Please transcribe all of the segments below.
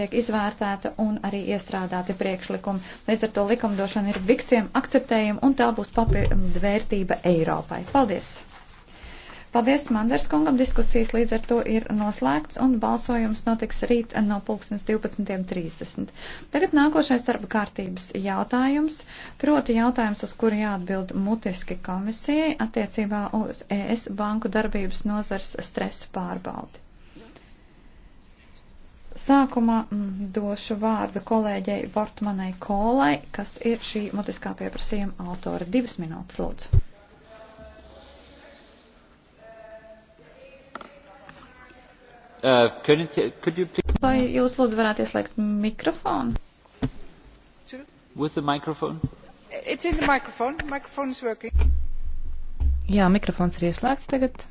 tiek izvērtēta un arī iestrādāti priekšlikumi. Līdz ar to likumdošana ir viksiem akceptējama un tā būs papildu vērtība Eiropai. Paldies! Paldies Manders kungam, diskusijas līdz ar to ir noslēgts un balsojums notiks rīt no pulksnes 12.30. Tagad nākošais darba kārtības jautājums, proti jautājums, uz kuru jāatbild mutiski komisijai attiecībā uz ES banku darbības nozars stresa pārbaudi. Sākumā mm, došu vārdu kolēģei Vortmanai Kolai, kas ir šī mutiskā pieprasījuma autora. Divas minūtes, lūdzu. Uh, could it, could you... Vai jūs lūdzu varētu ieslēgt mikrofonu? With the microphone? It's in the microphone. Microphone is working. Jā, mikrofons ir ieslēgts tagad.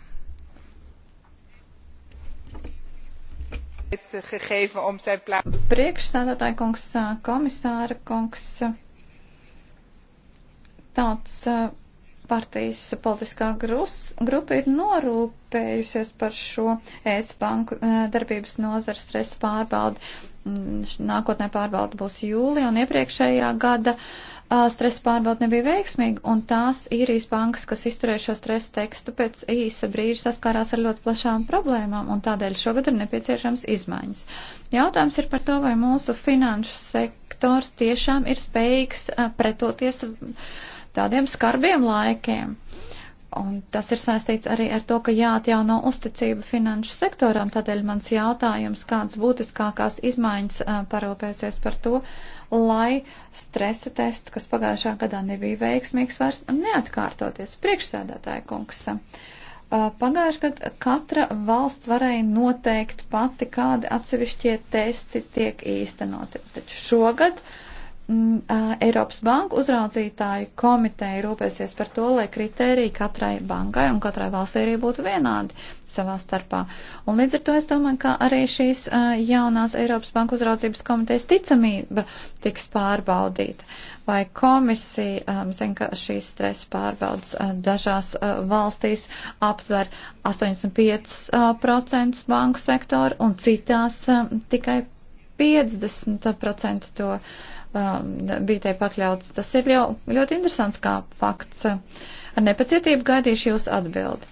Priekšstādātāja kungs, komisāra kungs, tāds partijas politiskā grus, grupa ir norūpējusies par šo ES banku darbības nozars stresa pārbaudi. Mm, nākotnē pārbauda būs jūlija un iepriekšējā gada uh, stresa pārbauda nebija veiksmīga, un tās īrijas bankas, kas izturēja šo stresa tekstu, pēc īsa brīža saskārās ar ļoti plašām problēmām, un tādēļ šogad ir nepieciešams izmaiņas. Jautājums ir par to, vai mūsu finanšu sektors tiešām ir spējīgs pretoties tādiem skarbiem laikiem. Un tas ir saistīts arī ar to, ka jāatjauno uzticība finanšu sektoram. Tādēļ mans jautājums, kādas būtiskākās izmaiņas parūpēsies par to, lai stresa tests, kas pagājušā gadā nebija veiksmīgs, vairs neatkārtoties. Priekšsēdētāja kungs. Uh, Pagājušajā gadā katra valsts varēja noteikt pati, kādi atsevišķie testi tiek īstenoti. Taču šogad uh, Mm, Eiropas Banku uzraudzītāju komiteja rūpēsies par to, lai kritēriji katrai bankai un katrai valstī arī būtu vienādi savā starpā. Un līdz ar to es domāju, ka arī šīs jaunās Eiropas Banku uzraudzības komitejas ticamība tiks pārbaudīta. Vai komisija zina, ka šīs stresa pārbaudas dažās valstīs aptver 85% banku sektoru un citās tikai 50% to Um, bija tai pakļauts. Tas ir jau ļoti interesants kā fakts. Ar nepacietību gaidīšu jūs atbildi.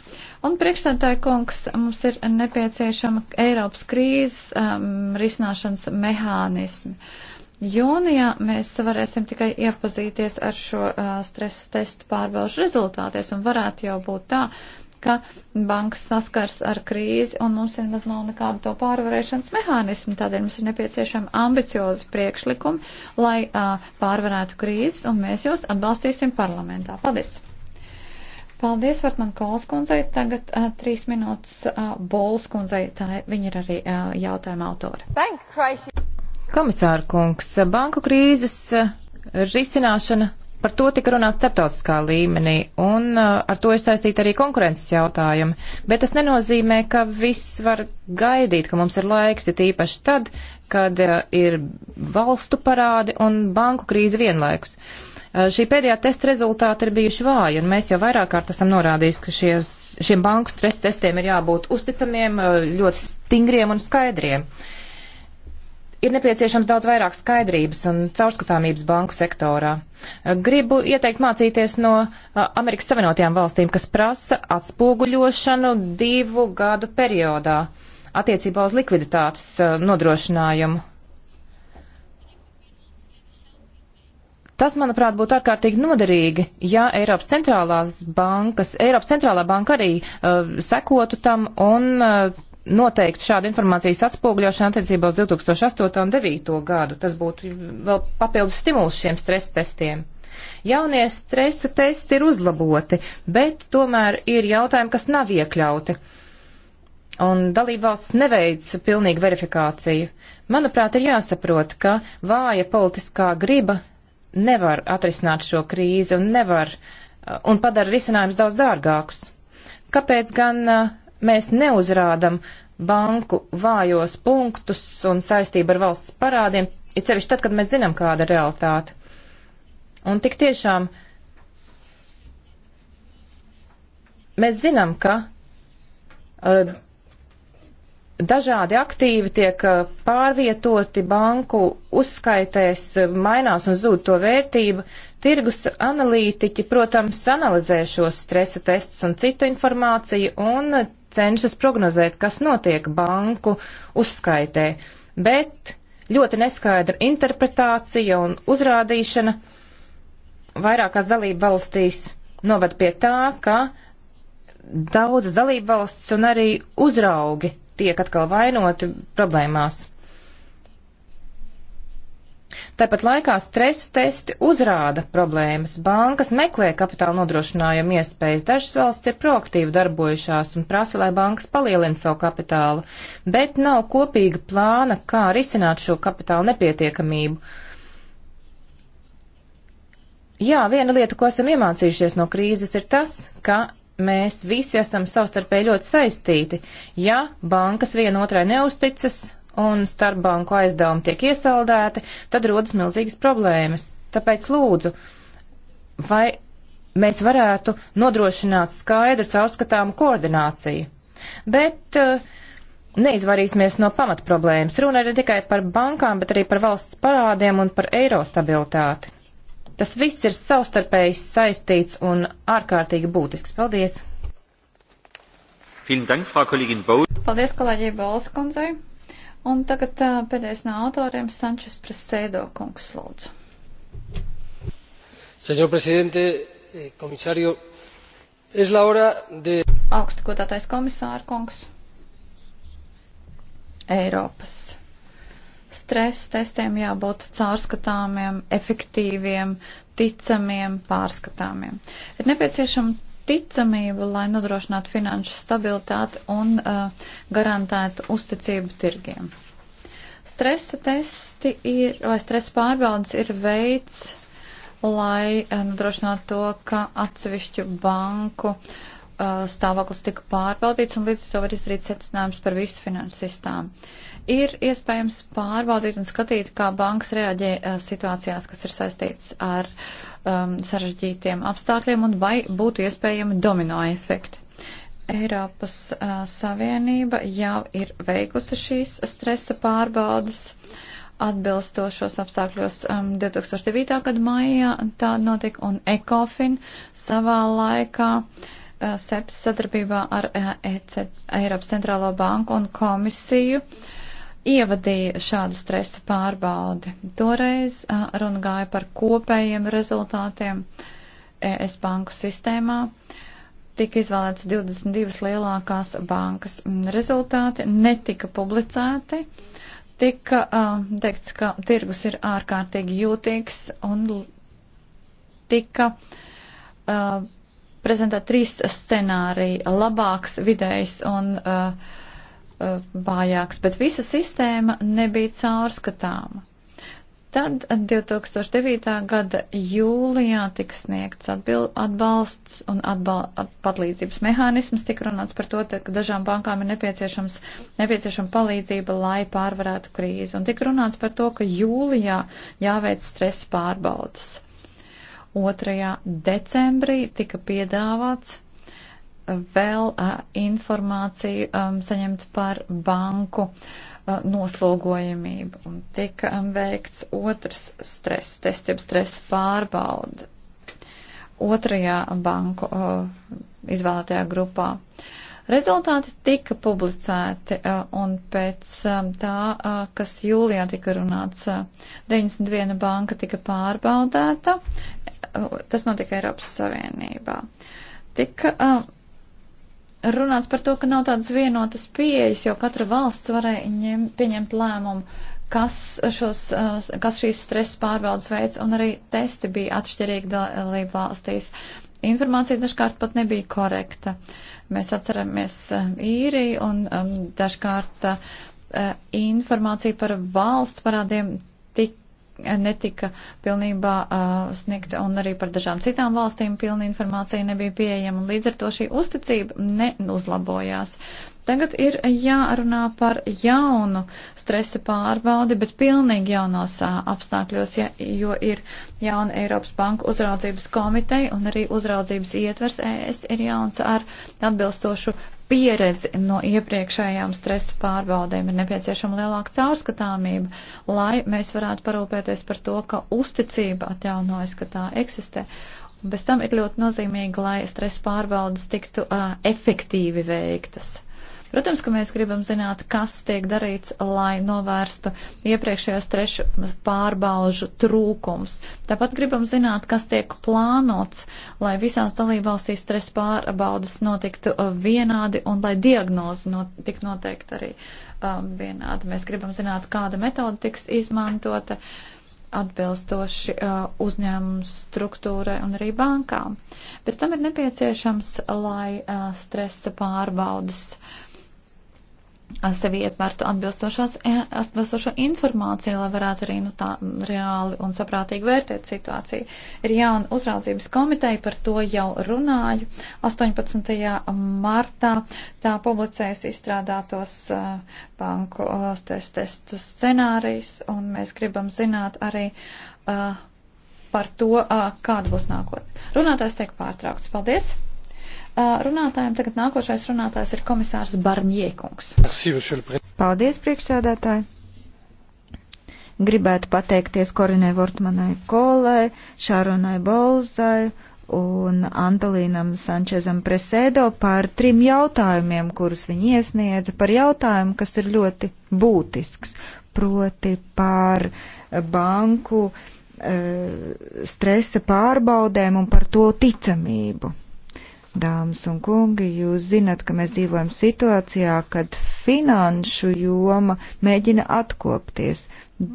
Un priekšstādāja kungs, mums ir nepieciešama Eiropas krīzes um, risināšanas mehānismi. Jūnijā mēs varēsim tikai iepazīties ar šo uh, stresa testu pārbaušu rezultāties un varētu jau būt tā, ka bankas saskars ar krīzi un mums ir maz nav nekādu to pārvarēšanas mehānismu. Tādēļ mums ir nepieciešama ambiciozi priekšlikumi, lai uh, pārvarētu krīzes un mēs jūs atbalstīsim parlamentā. Paldies! Paldies, Vartman Kols kundzei. Tagad uh, trīs minūtes uh, Bols kundzei. Tā ir, viņa ir arī uh, jautājuma autore. Komisāra kungs, banku krīzes uh, risināšana Par to tika runāts starptautiskā līmenī, un uh, ar to ir saistīta arī konkurences jautājumi. Bet tas nenozīmē, ka viss var gaidīt, ka mums ir laiks, it īpaši tad, kad uh, ir valstu parādi un banku krīze vienlaikus. Uh, šī pēdējā testa rezultāti ir bijuši vāji, un mēs jau vairāk kārt esam norādījuši, ka šie, šiem banku stresa testiem ir jābūt uzticamiem, ļoti stingriem un skaidriem. Uh, ir nepieciešams daudz vairāk skaidrības un caurskatāmības banku sektorā. Gribu ieteikt mācīties no Amerikas Savienotajām valstīm, kas prasa atspoguļošanu divu gadu periodā attiecībā uz likviditātes nodrošinājumu. Tas, manuprāt, būtu ārkārtīgi noderīgi, ja Eiropas centrālās bankas, Eiropas centrālā banka arī uh, sekotu tam un uh, noteikti šāda informācijas atspūgļošana attiecībā uz 2008. un 2009. gadu. Tas būtu vēl papildus stimuls šiem stresa testiem. Jaunie stresa testi ir uzlaboti, bet tomēr ir jautājumi, kas nav iekļauti. Un dalībvalsts neveic pilnīgu verifikāciju. Manuprāt, ir jāsaprot, ka vāja politiskā griba nevar atrisināt šo krīzi un nevar uh, un padara risinājumus daudz dārgākus. Kāpēc gan uh, mēs neuzrādam banku vājos punktus un saistību ar valsts parādiem, ir sevišķi tad, kad mēs zinām, kāda ir realitāte. Un tik tiešām mēs zinām, ka uh, dažādi aktīvi tiek pārvietoti banku uzskaitēs, mainās un zūd to vērtība. Tirgus analītiķi, protams, analizē šos stresa testus un citu informāciju, un cenšas prognozēt, kas notiek banku uzskaitē, bet ļoti neskaidra interpretācija un uzrādīšana vairākās dalību valstīs noved pie tā, ka daudzas dalību valsts un arī uzraugi tiek atkal vainoti problēmās. Tāpat laikā stresa testi uzrāda problēmas. Bankas meklē kapitāla nodrošinājumu iespējas. Dažas valsts ir proaktīvi darbojušās un prasa, lai bankas palielina savu kapitālu, bet nav kopīga plāna, kā risināt šo kapitāla nepietiekamību. Jā, viena lieta, ko esam iemācījušies no krīzes, ir tas, ka mēs visi esam savstarpēji ļoti saistīti. Ja bankas vienotrai neusticas, un starpbanku aizdevumi tiek iesaldēti, tad rodas milzīgas problēmas. Tāpēc lūdzu, vai mēs varētu nodrošināt skaidru caurskatāmu koordināciju. Bet uh, neizvarīsimies no pamat problēmas. Runa ir ne tikai par bankām, bet arī par valsts parādiem un par eiro stabilitāti. Tas viss ir savstarpēji saistīts un ārkārtīgi būtisks. Paldies! Dank, Paldies, kolēģi Balskundzei! Un tagad uh, pēdējais no autoriem Sančes Presēdo kungs lūdzu. Señor presidente, komisārio, eh, es la hora de. Augstskotātais komisāra kungs. Eiropas. Stress testiem jābūt caurskatāmiem, efektīviem, ticamiem, pārskatāmiem. Ir nepieciešama ticamību, lai nodrošinātu finanšu stabilitāti un uh, garantētu uzticību tirgiem. Stresa testi ir, vai stresa pārbaudas ir veids, lai uh, nodrošinātu to, ka atsevišķu banku uh, stāvoklis tika pārbaudīts un līdz to var izdarīt secinājums par visu finanšu sistēmu ir iespējams pārbaudīt un skatīt, kā bankas reaģē eh, situācijās, kas ir saistīts ar um, sarežģītiem apstākļiem un vai būtu iespējami domino efekti. Eiropas uh, Savienība jau ir veikusi šīs stresa pārbaudas atbilstošos apstākļos um, 2009. gada maijā tā notika un ECOFIN savā laikā uh, SEPS sadarbībā ar EC, e Eiropas centrālo banku un komisiju uh, ievadīja šādu stresa pārbaudi. Toreiz runa gāja par kopējiem rezultātiem ES banku sistēmā. Tika izvēlēts 22 lielākās bankas mm, rezultāti, netika publicēti. Tika uh, teikts, ka tirgus ir ārkārtīgi jūtīgs un tika uh, prezentēt trīs scenāriji - labāks, vidējs un uh, Eh, vājāks, bet visa sistēma nebija caurskatāma. Tad 2009. gada jūlijā tika sniegts atbil, atbalsts un atbal, at, palīdzības mehānisms. Tika runāts par to, ka dažām bankām ir nepieciešama palīdzība, lai pārvarētu krīzi. Un tika runāts par to, ka jūlijā jāveic stresa pārbaudas. 2. decembrī tika piedāvāts vēl informāciju saņemt par banku noslogojamību. Un tika veikts otrs stress, tests, jeb stresa pārbauda otrajā banku izvēlētajā grupā. Rezultāti tika publicēti, un pēc tā, kas jūlijā tika runāts, 91 banka tika pārbaudēta. Tas notika Eiropas Savienībā. Tika runāts par to, ka nav tādas vienotas pieejas, jo katra valsts varēja ņem, pieņemt lēmumu, kas, šos, kas šīs stresa pārbaudas veids, un arī testi bija atšķirīgi dalību valstīs. Informācija dažkārt pat nebija korekta. Mēs atceramies īriju un um, dažkārt uh, informācija par valsts parādiem tik netika pilnībā uh, sniegta un arī par dažām citām valstīm pilna informācija nebija pieejama un līdz ar to šī uzticība neuzlabojās. Tagad ir jārunā par jaunu stresa pārbaudi, bet pilnīgi jaunos uh, apstākļos, ja, jo ir jauna Eiropas Banka uzraudzības komiteja un arī uzraudzības ietvers ES ir jauns ar atbilstošu pieredzi no iepriekšējām stresa pārbaudēm. Ir nepieciešama lielāka caurskatāmība, lai mēs varētu parūpēties par to, ka uzticība atjaunojas, ka tā eksistē. Bez tam ir ļoti nozīmīgi, lai stresa pārbaudas tiktu uh, efektīvi veiktas. Protams, ka mēs gribam zināt, kas tiek darīts, lai novērstu iepriekšējās trešu pārbaužu trūkums. Tāpat gribam zināt, kas tiek plānots, lai visās dalībvalstīs stresa pārbaudas notiktu uh, vienādi un lai diagnozi not, tik noteikti arī um, vienādi. Mēs gribam zināt, kāda metoda tiks izmantota atbilstoši uh, uzņēmumu struktūrai un arī bankām. Pēc tam ir nepieciešams, lai uh, stresa pārbaudas uh, sevi ietvērtu e, atbilstošo informāciju, lai varētu arī nu, tā reāli un saprātīgi vērtēt situāciju. Ir jauna uzraudzības komiteja, par to jau runāju. 18. martā tā publicējas izstrādātos uh, banku uh, stres testu scenārijus, un mēs gribam zināt arī uh, par to, uh, kāda būs nākotne. Runātājs tiek pārtraukts. Paldies! Uh, runātājiem. Tagad nākošais runātājs ir komisārs Barņiekungs. Paldies, priekšsēdētāji! Gribētu pateikties Korinai Vortmanai Kolai, Šārunai Bolzai un Antolīnam Sančezam Presēdo par trim jautājumiem, kurus viņi iesniedza, par jautājumu, kas ir ļoti būtisks, proti par banku eh, stresa pārbaudēm un par to ticamību. Dāmas un kungi, jūs zinat, ka mēs dzīvojam situācijā, kad finanšu joma mēģina atkopties.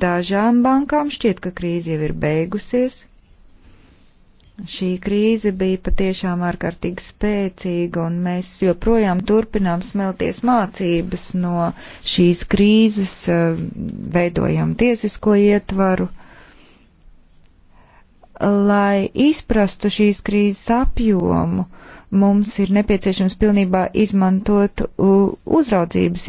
Dažām bankām šķiet, ka krīze jau ir beigusies. Šī krīze bija patiešām ārkārtīgi spēcīga, un mēs joprojām turpinām smelties mācības no šīs krīzes, eh, veidojam tiesisko ietvaru lai izprastu šīs krīzes apjomu, mums ir nepieciešams pilnībā izmantot uzraudzības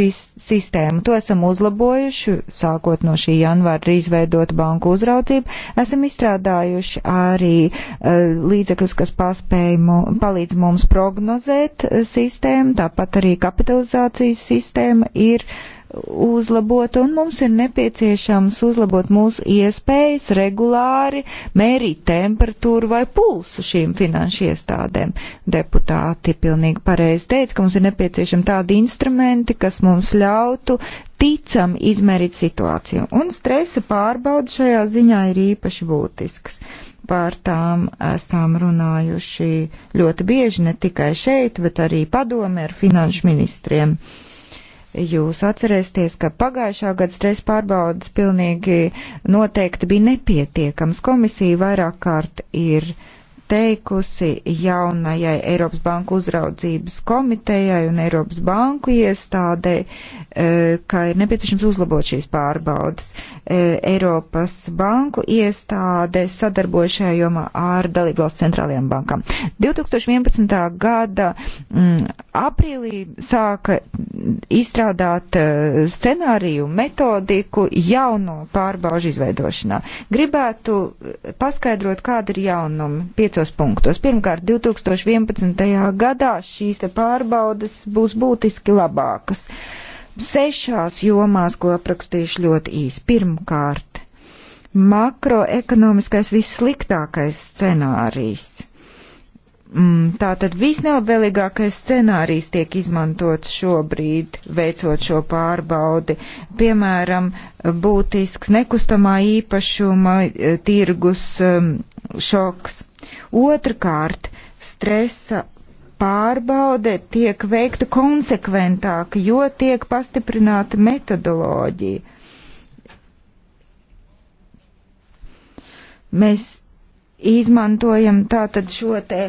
sistēmu. To esam uzlabojuši, sākot no šī janvāra ir izveidota banku uzraudzība. Esam izstrādājuši arī e, līdzekļus, kas paspēj, palīdz mums prognozēt e, sistēmu, tāpat arī kapitalizācijas sistēma ir uh, uzlabota, un mums ir nepieciešams uzlabot mūsu iespējas regulāri mērīt temperatūru vai pulsu šīm finanšu iestādēm. Deputāti pilnīgi pareizi teica, ka mums ir nepieciešami tādi instrumenti, kas mums ļautu ticam izmērīt situāciju, un stresa pārbauda šajā ziņā ir īpaši būtisks par tām esam runājuši ļoti bieži, ne tikai šeit, bet arī padome ar finanšu ministriem. Uh, Jūs atcerēsieties, ka pagājušā gada stresa pārbaudas pilnīgi noteikti bija nepietiekams. Komisija vairāk kārt ir teikusi jaunajai Eiropas Banku uzraudzības komitejai un Eiropas Banku iestādē, eh, ka ir nepieciešams uzlabot šīs pārbaudas. E, Eiropas banku iestāde sadarbojas šajā jomā ar dalībvalsts centrālajām bankām. 2011. gada m, mm, aprīlī sāka izstrādāt e, scenāriju, metodiku jauno pārbaužu izveidošanā. Gribētu e, paskaidrot, kāda ir jaunuma piecos punktos. Pirmkārt, 2011. gadā šīs pārbaudas būs būtiski labākas. Uh, sešās jomās, ko aprakstīšu ļoti īsi. Pirmkārt, makroekonomiskais vissliktākais scenārijs. Mm, tātad visnelabvēlīgākais scenārijs tiek izmantots šobrīd, veicot šo pārbaudi. Piemēram, būtisks nekustamā īpašuma e, tirgus e, šoks. Otrakārt, stresa pārbaude tiek veikta konsekventāk, jo tiek pastiprināta metodoloģija. Mēs izmantojam tātad šo te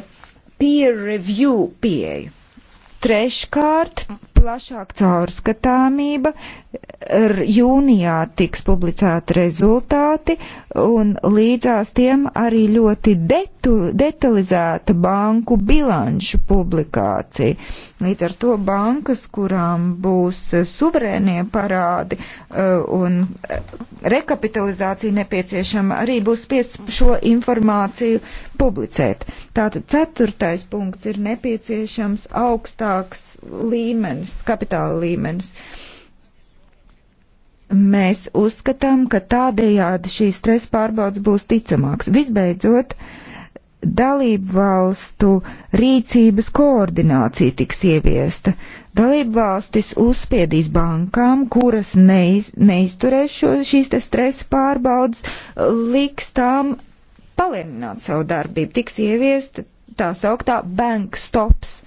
peer review pieeju. Treškārt, plašāka caurskatāmība. Jūnijā tiks publicēti rezultāti un līdzās tiem arī ļoti detu, detalizēta banku bilanšu publikācija. Līdz ar to bankas, kurām būs suverēnie parādi uh, un rekapitalizācija nepieciešama, arī būs spiest šo informāciju publicēt. Tātad ceturtais punkts ir nepieciešams augstāks līmenis augsts kapitāla līmenis. Mēs uzskatām, ka tādējādi šīs stresa pārbaudas būs ticamāks. Visbeidzot, dalību valstu rīcības koordinācija tiks ieviesta. Dalību valstis uzspiedīs bankām, kuras neiz, neizturēs šo, šīs stresa pārbaudas, liks tām palielināt savu darbību. Tiks ieviesta tā sauktā bank stops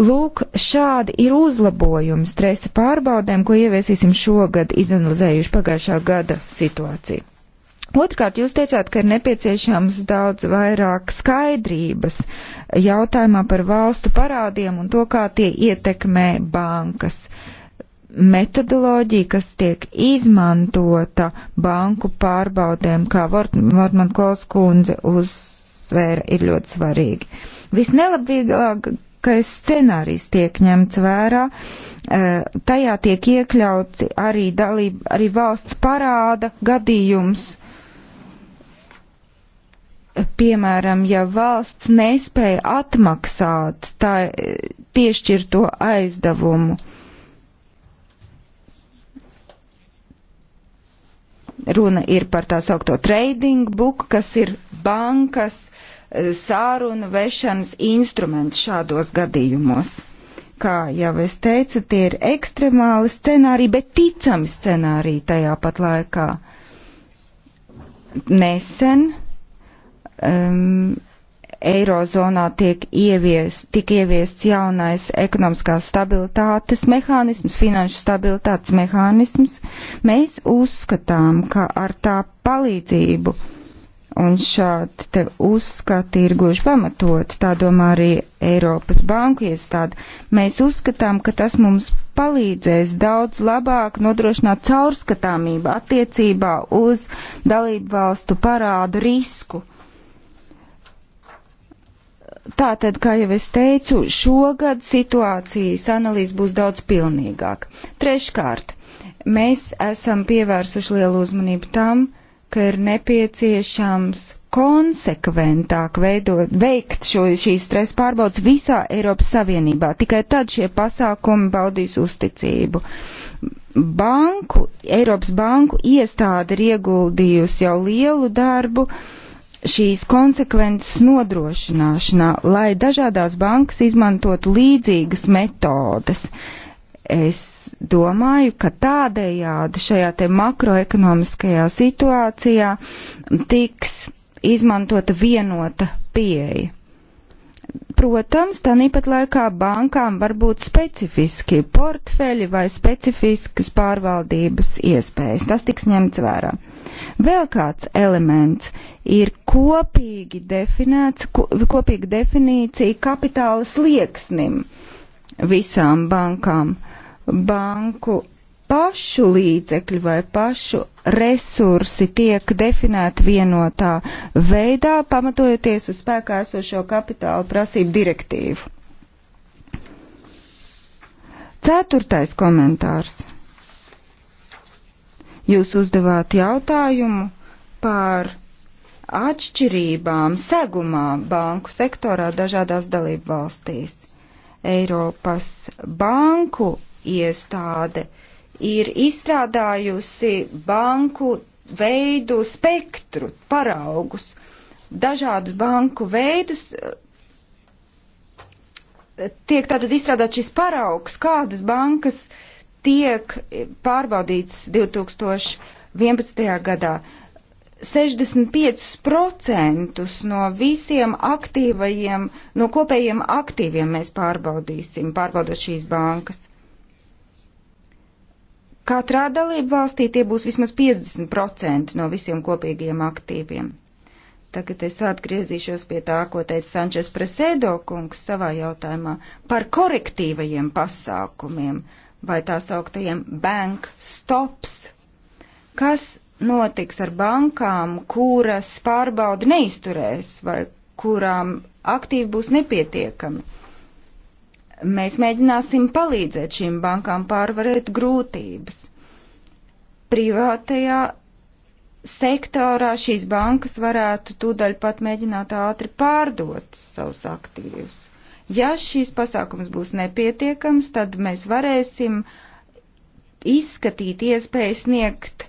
Lūk, šādi ir uzlabojumi stresa pārbaudēm, ko ieviesīsim šogad, izanalizējuši pagājušā gada situāciju. Otrkārt, jūs teicāt, ka ir nepieciešams daudz vairāk skaidrības jautājumā par valstu parādiem un to, kā tie ietekmē bankas. Metodoloģija, kas tiek izmantota banku pārbaudēm, kā Vortman Kolskundze uzsvēra, ir ļoti svarīga. Visnelabvieglāk labākais scenārijs tiek ņemts vērā. E, tajā tiek iekļauts arī, dalība, arī valsts parāda gadījums. Piemēram, ja valsts nespēja atmaksāt tā e, piešķirto aizdevumu. Runa ir par tā saukto trading book, kas ir bankas sārunu vešanas instruments šādos gadījumos. Kā jau es teicu, tie ir ekstremāli scenāriji, bet ticami scenāriji tajā pat laikā. Nesen um, Eirozonā tiek ievies, tik ieviests jaunais ekonomiskās stabilitātes mehānisms, finanšu stabilitātes mehānisms. Mēs uzskatām, ka ar tā palīdzību Un šādi te uzskati ir gluži pamatot, tā domā arī Eiropas banku iestāde. Mēs uzskatām, ka tas mums palīdzēs daudz labāk nodrošināt caurskatāmību attiecībā uz dalību valstu parādu risku. Tātad, kā jau es teicu, šogad situācijas analīze būs daudz pilnīgāka. Treškārt, mēs esam pievērsuši lielu uzmanību tam, ka ir nepieciešams konsekventāk veidot, veikt šo, šīs stresa pārbaudas visā Eiropas Savienībā. Tikai tad šie pasākumi baudīs uzticību. Banku, Eiropas banku iestāde ir ieguldījusi jau lielu darbu šīs konsekvences nodrošināšanā, lai dažādās bankas izmantotu līdzīgas metodas. Es domāju, ka tādējādi šajā te makroekonomiskajā situācijā tiks izmantota vienota pieeja. Protams, tā nīpat laikā bankām var būt specifiski portfeļi vai specifiskas pārvaldības iespējas. Tas tiks ņemts vērā. Vēl kāds elements ir kopīgi definēts, kopīga definīcija kapitāla slieksnim visām bankām. Uh, banku pašu līdzekļi vai pašu resursi tiek definēti vienotā veidā, pamatojoties uz spēkā esošo kapitāla prasību direktīvu. Ceturtais komentārs. Jūs uzdevāt jautājumu par atšķirībām segumā banku sektorā dažādās dalību valstīs. Eiropas banku iestāde ir izstrādājusi banku veidu spektru, paraugus, dažādus banku veidus. Eh, tiek tātad izstrādāt šis paraugs, kādas bankas tiek pārbaudīts 2011. gadā. 65% no visiem aktīvajiem, no kopējiem aktīviem mēs pārbaudīsim, pārbaudot šīs bankas. Katrā dalību valstī tie būs vismaz 50% no visiem kopīgiem aktīviem. Tagad es atgriezīšos pie tā, ko teica Sančes Presēdo kungs savā jautājumā par korektīvajiem pasākumiem vai tā sauktajiem bank stops. Kas notiks ar bankām, kuras pārbaudi neizturēs vai kurām aktīvi būs nepietiekami? Mēs mēģināsim palīdzēt šīm bankām pārvarēt grūtības. Privātajā sektorā šīs bankas varētu tūdaļ pat mēģināt ātri pārdot savus aktīvus. Ja šīs pasākums būs nepietiekams, tad mēs varēsim izskatīt iespēju sniegt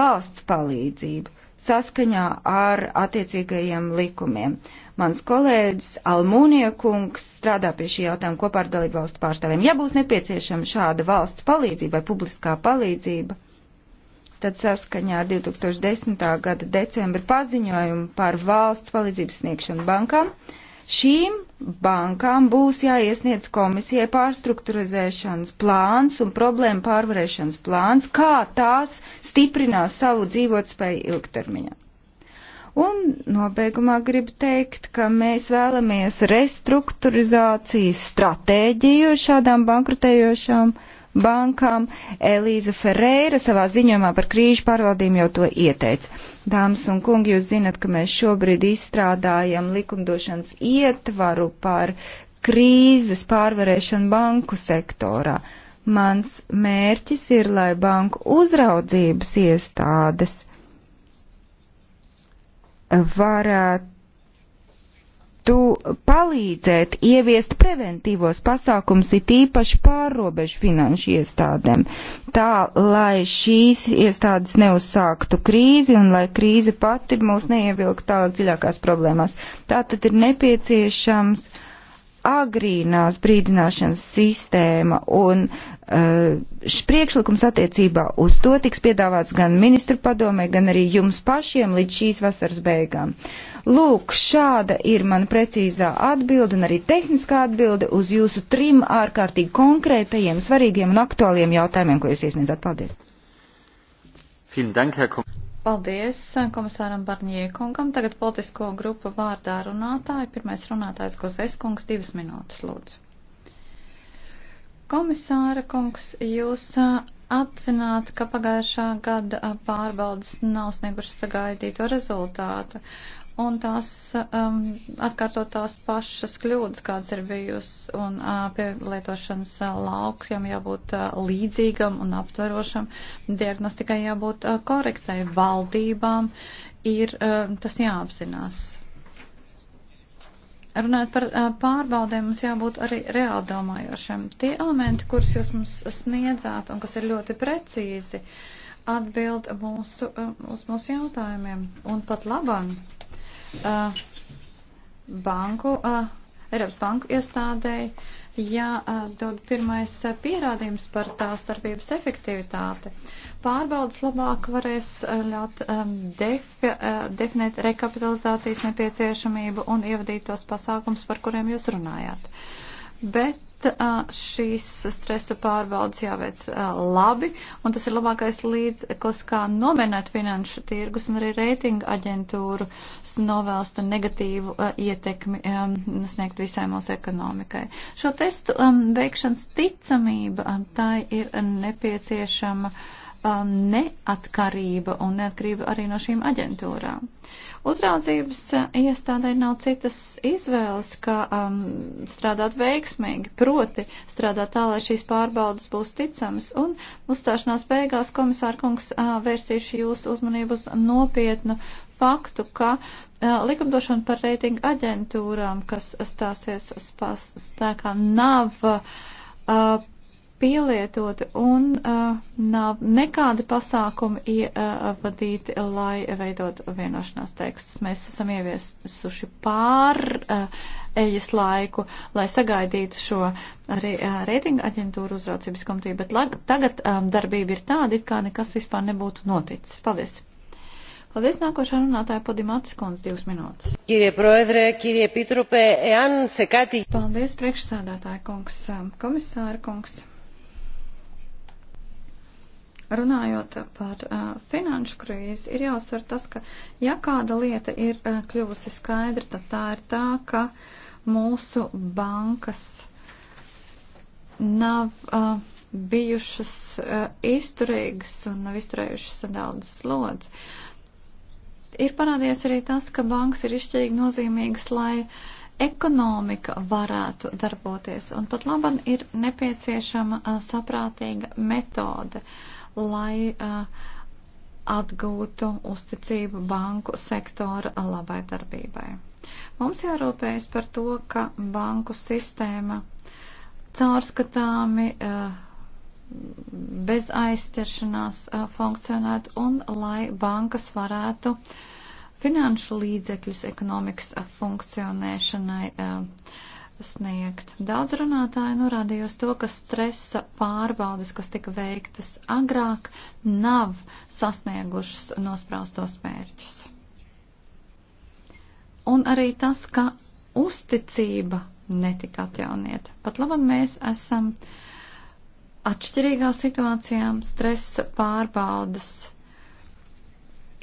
valsts palīdzību saskaņā ar attiecīgajiem likumiem. Uh, Mans kolēģis Almūniekungs strādā pie šī jautājuma kopā ar dalību valstu pārstāvjiem. Ja būs nepieciešama šāda valsts palīdzība vai publiskā palīdzība, tad saskaņā ar 2010. gada decembra paziņojumu par valsts palīdzības sniegšanu bankām, šīm bankām būs jāiesniedz komisijai pārstruktūrizēšanas plāns un problēma pārvarēšanas plāns, kā tās stiprinās savu dzīvotspēju ilgtermiņā. Un nobeigumā gribu teikt, ka mēs vēlamies restruktūrizācijas stratēģiju šādām bankrutējošām bankām. Elīza Ferreira savā ziņojumā par krīžu pārvaldību jau to ieteica. Dāmas un kungi, jūs zinat, ka mēs šobrīd izstrādājam likumdošanas ietvaru par krīzes pārvarēšanu banku sektorā. Mans mērķis ir, lai banku uzraudzības iestādes varētu palīdzēt ieviest preventīvos pasākums, it īpaši pārrobežu finanšu iestādēm, tā lai šīs iestādes neuzsāktu krīzi un lai krīze pati mūs neievilktu tālāk dziļākās problēmās. Tā tad ir nepieciešams uh, agrīnās brīdināšanas sistēma un uh, priekšlikums attiecībā uz to tiks piedāvāts gan ministru padomē, gan arī jums pašiem līdz šīs vasaras beigām. Lūk, šāda ir mana precīzā atbilde un arī tehniskā atbilde uz jūsu trim ārkārtīgi konkrētajiem, svarīgiem un aktuāliem jautājumiem, ko jūs iesniedzat. Paldies! Dank, Paldies eh, komisāram Barņiekungam. Tagad politisko grupu vārdā runātāji. Pirmais runātājs Gozes kungs, divas minūtes lūdzu. Komisāra kungs, jūs eh, atzināt, ka pagājušā gada eh, pārbaudas nav sniegušas sagaidīto rezultātu un tās um, atkārtot tās pašas kļūdas, kāds ir bijusi, un uh, pielietošanas uh, lauksiem jābūt uh, līdzīgam un aptverošam, diagnostikai jābūt uh, korektai, valdībām ir uh, tas jāapzinās. Runājot par uh, pārbaudēm, mums jābūt arī reāli domājošiem. Tie elementi, kurus jūs mums sniedzāt un kas ir ļoti precīzi, atbild mūsu, uh, uz mūsu jautājumiem. Un pat labam uh, banku, uh, Eiropas banku iestādēji jādod pirmais pierādījums par tā starpības efektivitāti. Pārbaudas labāk varēs ļaut um, defi, uh, definēt rekapitalizācijas nepieciešamību un ievadīt tos pasākums, par kuriem jūs runājāt. Uh, bet šīs stresa pārbaudas jāveic labi, un tas ir labākais līdzeklis, kā nominēt finanšu tirgus un arī reitingu aģentūru novēlsta negatīvu ietekmi sniegt visai mūsu ekonomikai. Šo testu veikšanas ticamība, tai ir nepieciešama neatkarība un neatkarība arī no šīm aģentūrām. Uh, Uzraudzības eh, iestādē nav citas izvēles, kā um, strādāt veiksmīgi, proti strādāt tā, lai šīs pārbaudas būs ticamas. Un uzstāšanās beigās komisārkungs uh, eh, vērsīšu jūsu uzmanību uz nopietnu faktu, ka uh, likumdošana par reitingu aģentūrām, kas stāsies spēkā, nav. Uh, pielietoti un uh, nav nekādi pasākumi ievadīti, lai veidot vienošanās tekstus. Mēs esam ieviesuši pār uh, ejas laiku, lai sagaidītu šo arī uh, reitinga aģentūru uzraucības komitiju, bet lag, tagad um, darbība ir tāda, it kā nekas vispār nebūtu noticis. Paldies! Paldies nākošā runātāja Podimātis Kons, divas minūtes. Kirie proedre, kirie pitrupe, ean se kati. Paldies priekšsādātāja kungs, um, komisāra kungs. Runājot par uh, finanšu krīzi, ir jāuzsver tas, ka ja kāda lieta ir uh, kļuvusi skaidra, tad tā ir tā, ka mūsu bankas nav uh, bijušas uh, izturīgas un nav izturējušas sadaldas slodzi. Ir parādījies arī tas, ka bankas ir izšķirīgi nozīmīgas, lai uh, ekonomika varētu darboties, un pat labam ir nepieciešama saprātīga metode. Uh, lai uh, atgūtu uzticību banku sektora labai darbībai. Mums jārūpējas par to, ka banku sistēma caurskatāmi uh, bez aizķeršanās uh, funkcionētu un lai bankas varētu finanšu līdzekļus ekonomikas uh, funkcionēšanai uh, sniegt. Daudz runātāji norādīja uz to, ka stresa pārbaudas, kas tika veiktas agrāk, nav sasniegušas nospraustos mērķus. Un arī tas, ka uzticība netika atjauniet. Pat labam mēs esam atšķirīgā situācijām stresa pārbaudas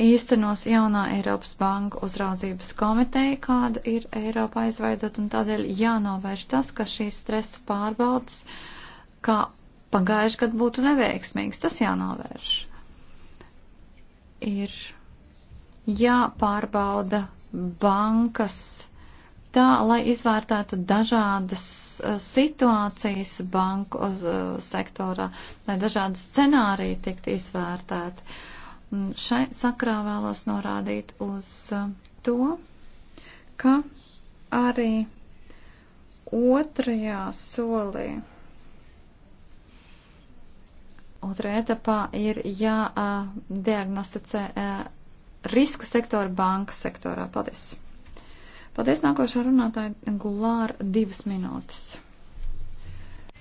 īstenos jaunā Eiropas Banka uzraudzības komiteja, kāda ir Eiropā izveidot, un tādēļ jānovērš tas, ka šīs stresa pārbaudas, kā pagājuši gadu būtu neveiksmīgs, tas jānovērš. Ir jāpārbauda bankas tā, lai izvērtētu dažādas uh, situācijas banku uh, sektorā, lai dažādi scenāriji tiktu izvērtēti. Uh, Šai sakrā vēlos norādīt uz uh, to, ka arī otrajā solī, otrajā etapā ir jādiagnosticē uh, uh, riska sektora banka sektorā. Paldies! Paldies nākošā runātāja Gulāra divas minūtes.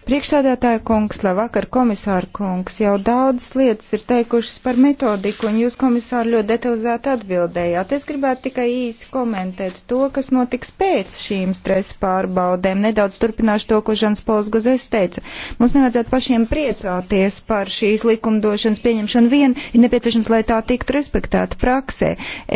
Priekšsēdētāja kungs, labvakar, komisāra kungs, jau daudzas lietas ir teikušas par metodiku, un jūs, komisāri, ļoti detalizēti atbildējāt. Es gribētu tikai īsi komentēt to, kas notiks pēc šīm stresa pārbaudēm. Nedaudz turpināšu to, ko Žans Pols Gozes teica. Mums nevajadzētu pašiem priecāties par šīs likumdošanas pieņemšanu vien, ir nepieciešams, lai tā tiktu respektēta praksē.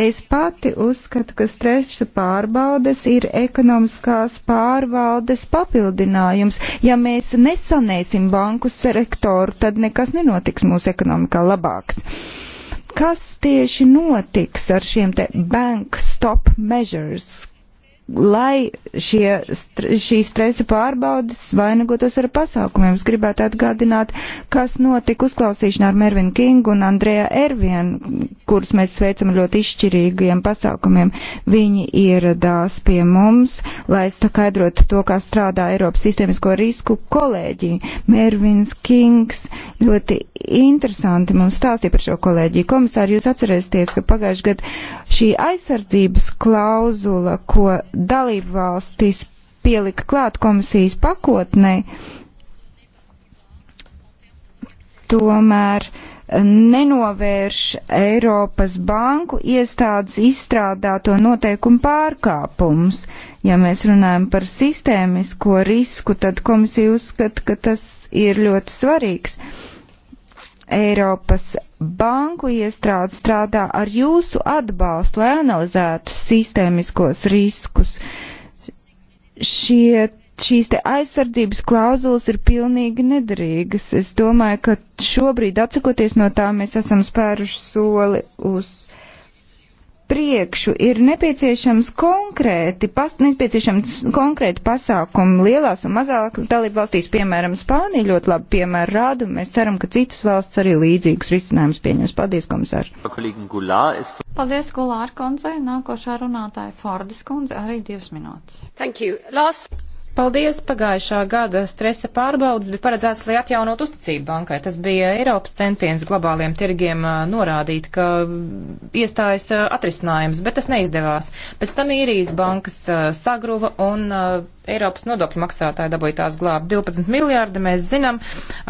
Es pati uzskatu, ka stresa pārbaudes ir ekonomiskās pārvaldes papildinājums. Ja mēs nesanēsim banku sektoru, tad nekas nenotiks mūsu ekonomikā labāks. Kas tieši notiks ar šiem te bank stop measures, lai šie, šī stresa pārbaudas vainagotos ar pasākumiem. Es gribētu atgādināt, kas notika uzklausīšanā ar Mervinu Kingu un Andrejā Ervienu, kurus mēs sveicam ļoti izšķirīgiem pasākumiem. Viņi ieradās pie mums, lai skaidrotu to, kā strādā Eiropas sistēmisko risku kolēģi. Mervins Kings ļoti interesanti mums stāstīja par šo kolēģiju. Komisāri, jūs atcerēsieties, ka pagājušajā gadā šī aizsardzības klauzula, ko dalību valstis pielika klāt komisijas pakotnei, tomēr nenovērš Eiropas banku iestādes izstrādāto noteikumu pārkāpumus. Ja mēs runājam par sistēmisko risku, tad komisija uzskata, ka tas ir ļoti svarīgs. Uh, Eiropas banku iestrāde strādā ar jūsu atbalstu, lai analizētu sistēmiskos riskus. Šie šīs te aizsardzības klauzulas ir pilnīgi nederīgas. Es domāju, ka šobrīd, atsakoties no tā, mēs esam spēruši soli uz priekšu, ir nepieciešams konkrēti, pas, nepieciešams konkrēti pasākumi lielās un mazākās dalību valstīs, piemēram, Spānija ļoti labi piemēru rādu. Mēs ceram, ka citas valsts arī līdzīgus risinājumus pieņems. Paldies, komisār! Paldies, Gulāra kundzei! Nākošā runātāja Fordas kundze arī divas minūtes. Thank you. Last... Paldies! Pagājušā gada stresa pārbaudas bija paredzēts, lai atjaunot uzticību bankai. Tas bija Eiropas centiens globāliem tirgiem norādīt, ka iestājas atrisinājums, bet tas neizdevās. Pēc tam īrijas bankas sagruva un Eiropas nodokļu maksātāji dabūjās glābt 12 miljārdi, mēs zinām,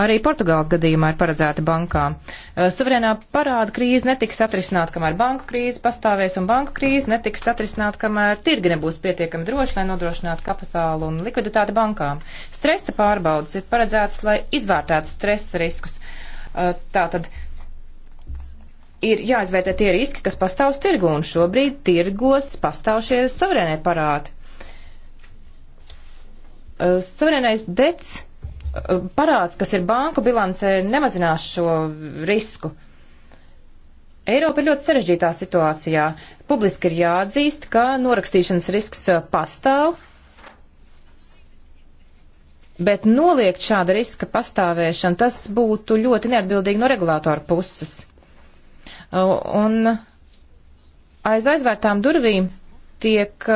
arī Portugāles gadījumā ir paredzēta bankām. Uh, suverēnā parāda krīze netiks atrisināta, kamēr banku krīze pastāvēs, un banku krīze netiks atrisināta, kamēr tirgi nebūs pietiekami droši, lai nodrošinātu kapitālu un likviditāti bankām. Stresa pārbaudas ir paredzētas, lai izvērtētu stresa riskus. Uh, tātad ir jāizvērtē tie riski, kas pastāv tirgu, un šobrīd tirgos pastāv šie suverēnie parādi. Eh, suverēnais dets eh, parāds, kas ir banku bilancē, nemazinās šo risku. Eiropa ir ļoti sarežģītā situācijā. Publiski ir jāatzīst, ka norakstīšanas risks eh, pastāv, bet noliegt šāda riska pastāvēšanu, tas būtu ļoti neatbildīgi no regulātora puses. Un aiz aizvērtām durvīm tiek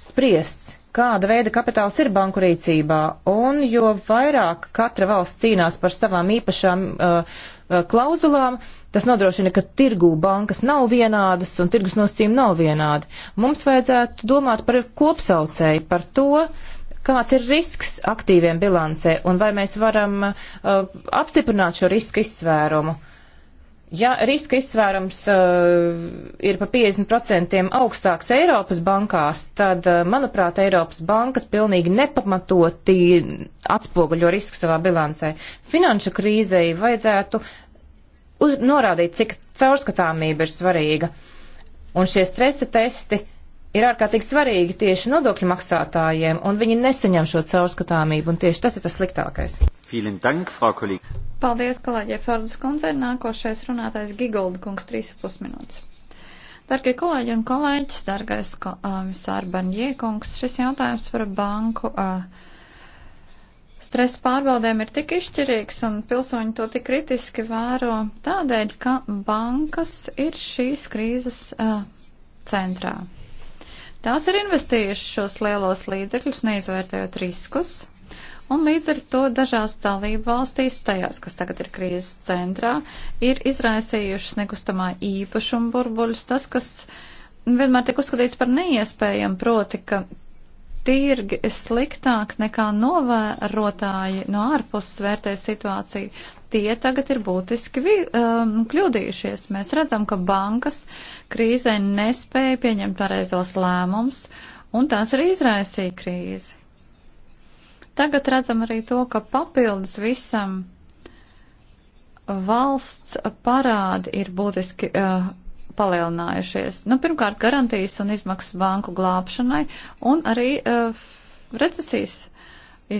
spriests, kāda veida kapitāls ir banku rīcībā, un jo vairāk katra valsts cīnās par savām īpašām uh, uh, klauzulām, tas nodrošina, ka tirgū bankas nav vienādas un tirgus nosacījumi nav vienādi. Mums vajadzētu domāt par kopsaucēju, par to, kāds ir risks aktīviem bilancē, un vai mēs varam uh, apstiprināt šo riska izsvērumu. Uh, Ja riska izsvērums uh, ir pa 50% augstāks Eiropas bankās, tad, uh, manuprāt, Eiropas bankas pilnīgi nepamatoti atspoguļo risku savā bilancē. Finanšu krīzei vajadzētu uz, norādīt, cik caurskatāmība ir svarīga. Un šie stresa testi ir ārkārtīgi svarīgi tieši nodokļu maksātājiem, un viņi nesaņem šo caurskatāmību, un tieši tas ir tas sliktākais. Dank, Paldies, kolēģi Fārdas koncei. Nākošais runātājs Gigolda kungs, 3,5 minūtes. Dargie kolēģi un kolēģis, dargais Sārbanjie um, kungs, šis jautājums par banku uh, stresa pārbaudēm ir tik izšķirīgs un pilsoņi to tik kritiski vēro tādēļ, ka bankas ir šīs krīzes uh, centrā. Tās ir investījušas šos lielos līdzekļus, neizvērtējot riskus Un līdz ar to dažās dalību valstīs, tajās, kas tagad ir krīzes centrā, ir izraisījušas nekustamā īpašuma burbuļus, tas, kas vienmēr tiek uzskatīts par neiespējamu, proti, ka tirgi sliktāk nekā novērotāji no ārpuses vērtē situāciju. Tie tagad ir būtiski vi, um, kļūdījušies. Mēs redzam, ka bankas krīzē nespēja pieņemt pareizos lēmumus, un tās arī izraisīja krīzi. Tagad redzam arī to, ka papildus visam valsts parādi ir būtiski uh, palielinājušies. Nu, pirmkārt, garantijas un izmaksas banku glābšanai un arī uh, recesijas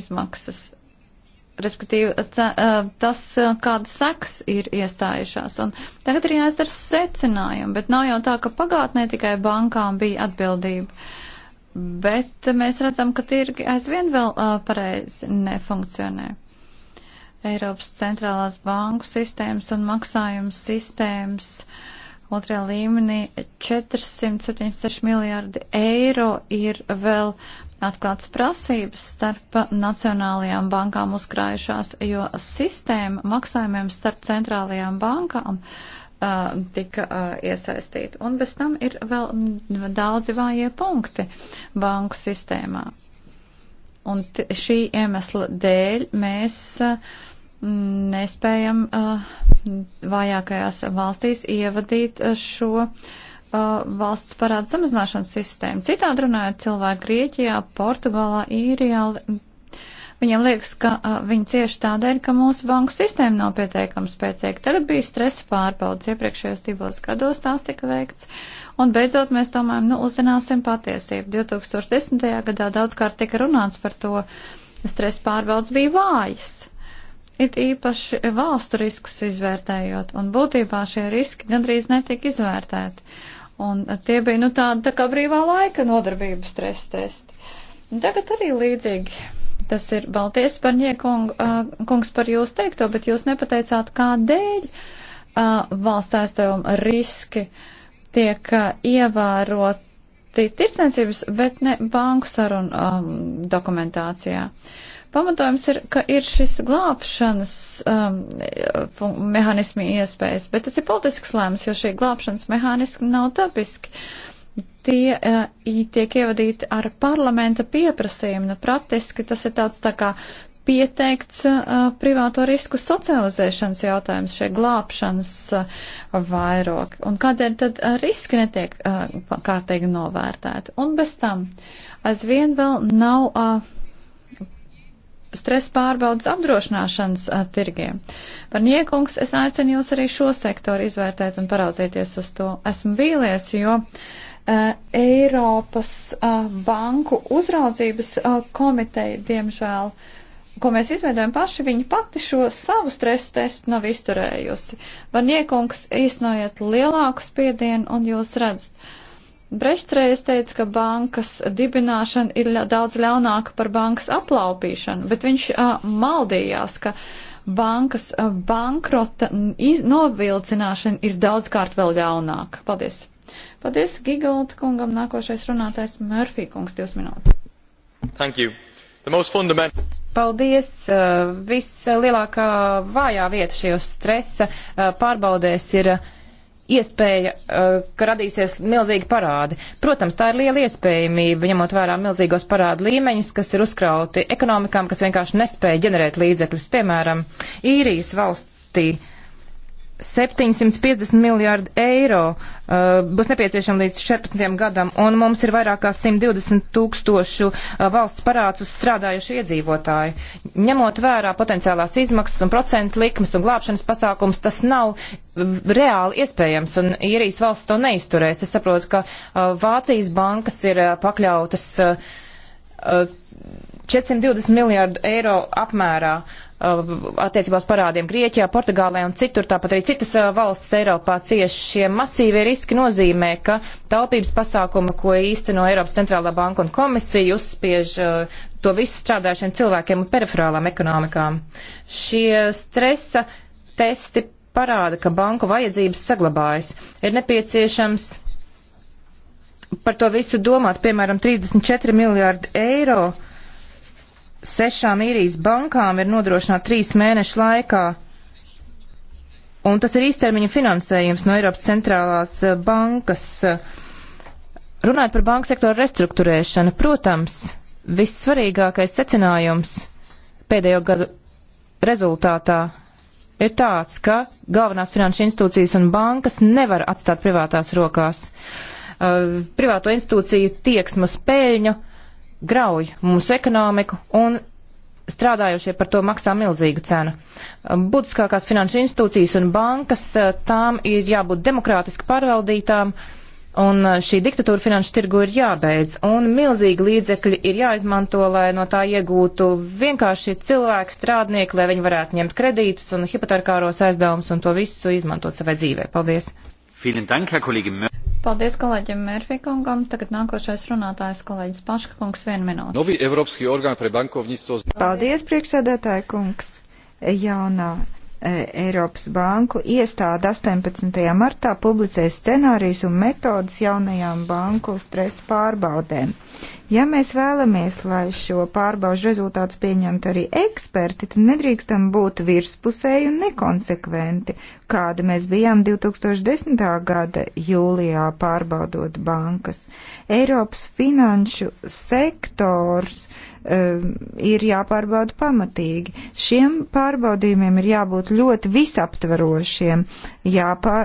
izmaksas. Respektīvi, uh, tas, uh, kāda seks ir iestājušās. Un tagad ir jāizdara secinājumi, bet nav jau tā, ka pagātnē tikai bankām bija atbildība. Uh, bet mēs redzam, ka tirgi aizvien vēl uh, pareizi nefunkcionē. Eiropas centrālās banku sistēmas un maksājumu sistēmas otrajā līmenī 476 miljārdi eiro ir vēl atklāts prasības starp nacionālajām bankām uzkrājušās, jo sistēma maksājumiem starp centrālajām bankām uh, tika iesaistīti. Un bez tam ir vēl daudzi vājie punkti banku sistēmā. Un šī iemesla dēļ mēs nespējam vājākajās valstīs ievadīt šo valsts parāda samazināšanas sistēmu. Citādi runājot, cilvēki Grieķijā, Portugālā, Īrijā Viņam liekas, ka uh, viņi cieši tādēļ, ka mūsu banku sistēma nav pietiekama spēcīga. Tagad bija stresa pārbaudas iepriekšējos divos gados, tās tika veikts. Un beidzot mēs domājam, nu, uzzināsim patiesību. 2010. gadā daudzkārt tika runāts par to, stresa pārbaudas bija vājas. It īpaši valstu riskus izvērtējot, un būtībā šie riski gandrīz netiek izvērtēti. Un tie bija, nu, tāda tā kā brīvā laika nodarbības stresa testi. Tagad arī līdzīgi Tas ir Baltijas parņie kung, kungs par jūs teikto, bet jūs nepateicāt, kādēļ valsts aizstāvuma riski tiek ievēroti tirdzniecības, bet ne banku sarunu um, dokumentācijā. Pamatojums ir, ka ir šis glābšanas um, mehānismi iespējas, bet tas ir politisks lēmums, jo šī glābšanas mehānismi nav dabiski. Uh, tie uh, tiek ievadīti ar parlamenta pieprasījumu. Nu, praktiski tas ir tāds tā kā pieteikts uh, privāto risku socializēšanas jautājums, šie glābšanas uh, vairoki. Un kādēļ tad uh, riski netiek uh, kārtīgi novērtēti? Un bez tam aizvien vēl nav uh, stresa pārbaudas apdrošināšanas uh, tirgiem. Par niekungs es aicinu jūs arī šo sektoru izvērtēt un paraudzīties uz to. Esmu vīlies, jo uh, Uh, Eiropas uh, banku uzraudzības uh, komiteja, diemžēl, ko mēs izveidojam paši, viņa pati šo savu stresu testu nav izturējusi. Varniekungs īstenojiet lielāku spiedienu un jūs redzat. Brechts reiz teica, ka bankas dibināšana ir daudz ļaunāka par bankas aplaupīšanu, bet viņš uh, maldījās, ka bankas uh, bankrota iz, novilcināšana ir daudz kārt vēl ļaunāka. Paldies! Paldies Gigolda kungam. Nākošais runātājs Murphy kungs, divas minūtes. Thank you. The most fundamental. Paldies! Uh, Vislielākā vājā vieta šajos stresa uh, pārbaudēs ir uh, iespēja, ka radīsies milzīgi parādi. Protams, tā ir liela iespējamība, ņemot vērā milzīgos parādu līmeņus, kas ir uzkrauti ekonomikām, kas vienkārši nespēja ģenerēt līdzekļus. Piemēram, īrijas valstī 750 miljārdi eiro uh, būs nepieciešama līdz 14. gadam, un mums ir vairāk kā 120 tūkstošu uh, valsts parāds uz strādājušu iedzīvotāju. Ņemot vērā potenciālās izmaksas un procentu likmes un glābšanas pasākums, tas nav uh, reāli iespējams, un īrijas valsts to neizturēs. Es saprotu, ka uh, Vācijas bankas ir uh, pakļautas. Uh, 420 eh, miljārdu eiro apmērā eh, attiecībās parādiem Grieķijā, Portugālē un citur, tāpat arī citas eh, valsts Eiropā cieš šie masīvie riski nozīmē, ka taupības pasākumi, ko īsteno Eiropas centrālā banka un komisija, uzspiež to visu strādājušiem cilvēkiem un periferālām ekonomikām. Šie stresa testi parāda, ka banku vajadzības saglabājas. Ir nepieciešams par to visu domāt. Piemēram, 34 miljārdi eiro sešām īrijas bankām ir nodrošināti trīs mēnešu laikā. Un tas ir īstermiņa finansējums no Eiropas centrālās eh, bankas. Runājot par banku sektoru restruktūrēšanu, protams, vissvarīgākais secinājums pēdējo gadu rezultātā ir tāds, ka galvenās finanšu institūcijas un bankas nevar atstāt privātās rokās. Uh, Uh, privāto institūciju tieksmas pēļņu grauj mūsu ekonomiku un strādājošie par to maksā milzīgu cenu. Uh, Būtiskākās finanšu institūcijas un bankas uh, tām ir jābūt demokrātiski pārvaldītām. Un šī diktatūra finanšu tirgu ir jābeidz, un milzīgi līdzekļi ir jāizmanto, lai no tā iegūtu vienkārši cilvēki, strādnieki, lai viņi varētu ņemt kredītus un hipotekāros aizdevumus un to visu izmantot savai dzīvē. Paldies! Dank, Paldies kolēģim Mērfikungam. Tagad nākošais runātājs kolēģis Paška kungs vienu minūti. Novi Eiropski orgāni pre bankovnicos. Paldies, priekšsēdētāja kungs. Jaunā E, Eiropas banku iestāde 18. martā publicēs scenārijus un metodus jaunajām banku stresa pārbaudēm. Ja mēs vēlamies, lai šo pārbaužu rezultātus pieņemtu arī eksperti, tad nedrīkstam būt virspusēji un nekonsekventi, kāda mēs bijām 2010. gada jūlijā pārbaudot bankas. Eiropas finanšu sektors uh, Um, ir jāpārbauda pamatīgi. Šiem pārbaudījumiem ir jābūt ļoti visaptvarošiem, jāpā,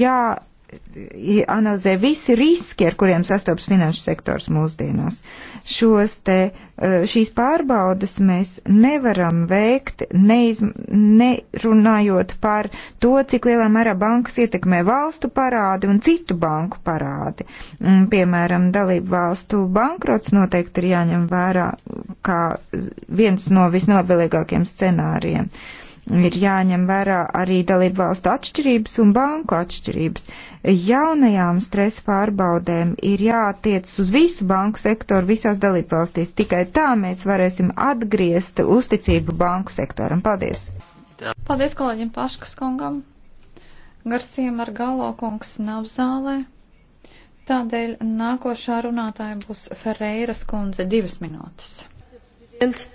jā, jāanalizē visi riski, ar kuriem sastopas finanšu sektors mūsdienās. Šos te, eh, šīs pārbaudas mēs nevaram veikt, neiz, nerunājot par to, cik lielā mērā bankas ietekmē valstu parādi un citu banku parādi. Piemēram, dalību valstu bankrots noteikti ir jāņem vērā kā viens no visnelabilīgākiem scenārijiem. Uh, Ir jāņem vērā arī dalību valstu atšķirības un banku atšķirības. Jaunajām stresa pārbaudēm ir jātiec uz visu banku sektoru visās dalību valstīs. Tikai tā mēs varēsim atgriezt uzticību banku sektoram. Paldies! Paldies kolēģim Paškas kungam! Garsiem ar galo kungs nav zālē. Tādēļ nākošā runātāja būs Ferreiras kundze divas minūtes. Viens.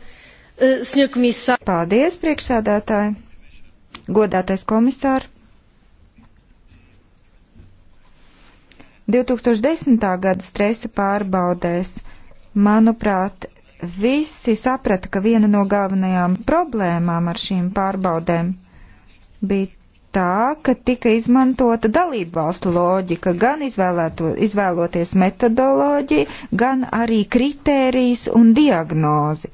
Eh, Sņu komisār. Paldies, priekšsēdētāji. Godātais komisār. 2010. gada stresa pārbaudēs, manuprāt, visi saprata, ka viena no galvenajām problēmām ar šīm pārbaudēm bija tā, ka tika izmantota dalību valstu loģika, gan izvēlēto, izvēloties metodoloģiju, gan arī kritērijus un diagnozi.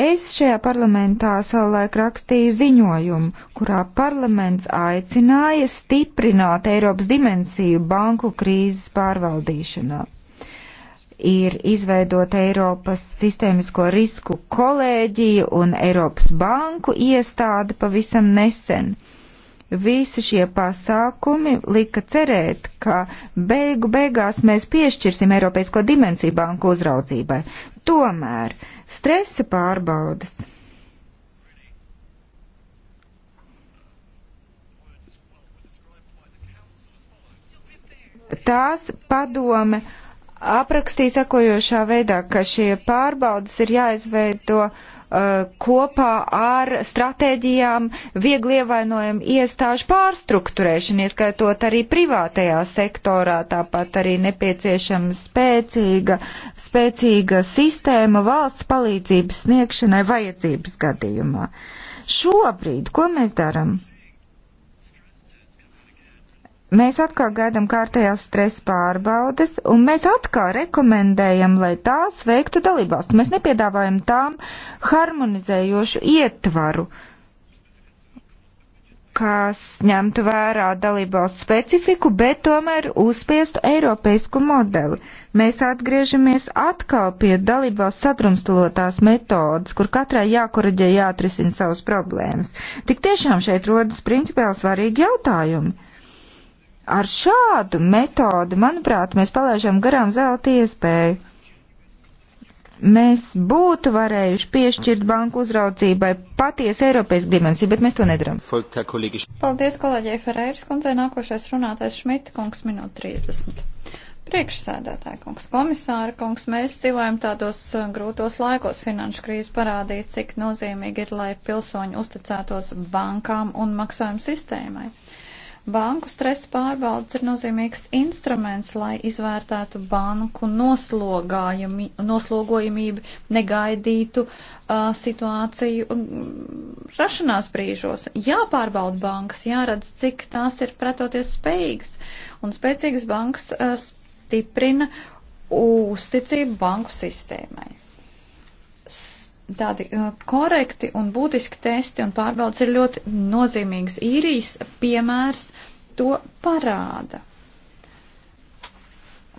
Es šajā parlamentā savulaik rakstīju ziņojumu, kurā parlaments aicināja stiprināt Eiropas dimensiju banku krīzes pārvaldīšanā. Ir izveidota Eiropas sistēmisko risku kolēģija un Eiropas banku iestāde pavisam nesen. Visi šie pasākumi lika cerēt, ka beigu beigās mēs piešķirsim Eiropaisko dimensiju banku uzraudzībai. Tomēr stresa pārbaudas. Tās padome aprakstīja sakojošā veidā, ka šie pārbaudas ir jāizveido uh, kopā ar stratēģijām viegli ievainojumu iestāžu pārstruktūrēšanu, ieskaitot arī privātajā sektorā, tāpat arī nepieciešama spēcīga, spēcīga sistēma valsts palīdzības sniegšanai vajadzības gadījumā. Šobrīd, ko mēs darām? Mēs atkal gaidām kārtējās stresa pārbaudes, un mēs atkal rekomendējam, lai tās veiktu dalībvalsts. Mēs nepiedāvājam tām harmonizējošu ietvaru, kas ņemtu vērā dalībvalsts specifiku, bet tomēr uzspiestu eiropeisku modeli. Mēs atgriežamies atkal pie dalībvalsts sadrumstalotās metodas, kur katrai jākoreģē jāatrisina savas problēmas. Tik tiešām šeit rodas principiāli svarīgi jautājumi Ar šādu metodu, manuprāt, mēs palaižam garām zelta iespēju. Mēs būtu varējuši piešķirt banku uzraudzībai patiesu Eiropas dimensiju, bet mēs to nedaram. Paldies kolēģei Ferreiras kundzei. Nākošais runātais Šmita kungs minūte 30 priekšsēdētāja kungs, komisāra kungs, mēs dzīvojam tādos uh, grūtos laikos. Finanšu krīze parādīja, cik nozīmīgi ir, lai pilsoņi uzticētos bankām un maksājumu sistēmai. Banku stresa pārbaudas ir nozīmīgs instruments, lai izvērtētu banku noslogojamību, negaidītu uh, situāciju mm, rašanās brīžos. Jāpārbauda bankas, jāredz, cik tās ir pretoties spējīgas. Un spēcīgas bankas uh, stiprina uzticību banku sistēmai tādi korekti un būtiski testi un pārbaudas ir ļoti nozīmīgs. Īrijas piemērs to parāda.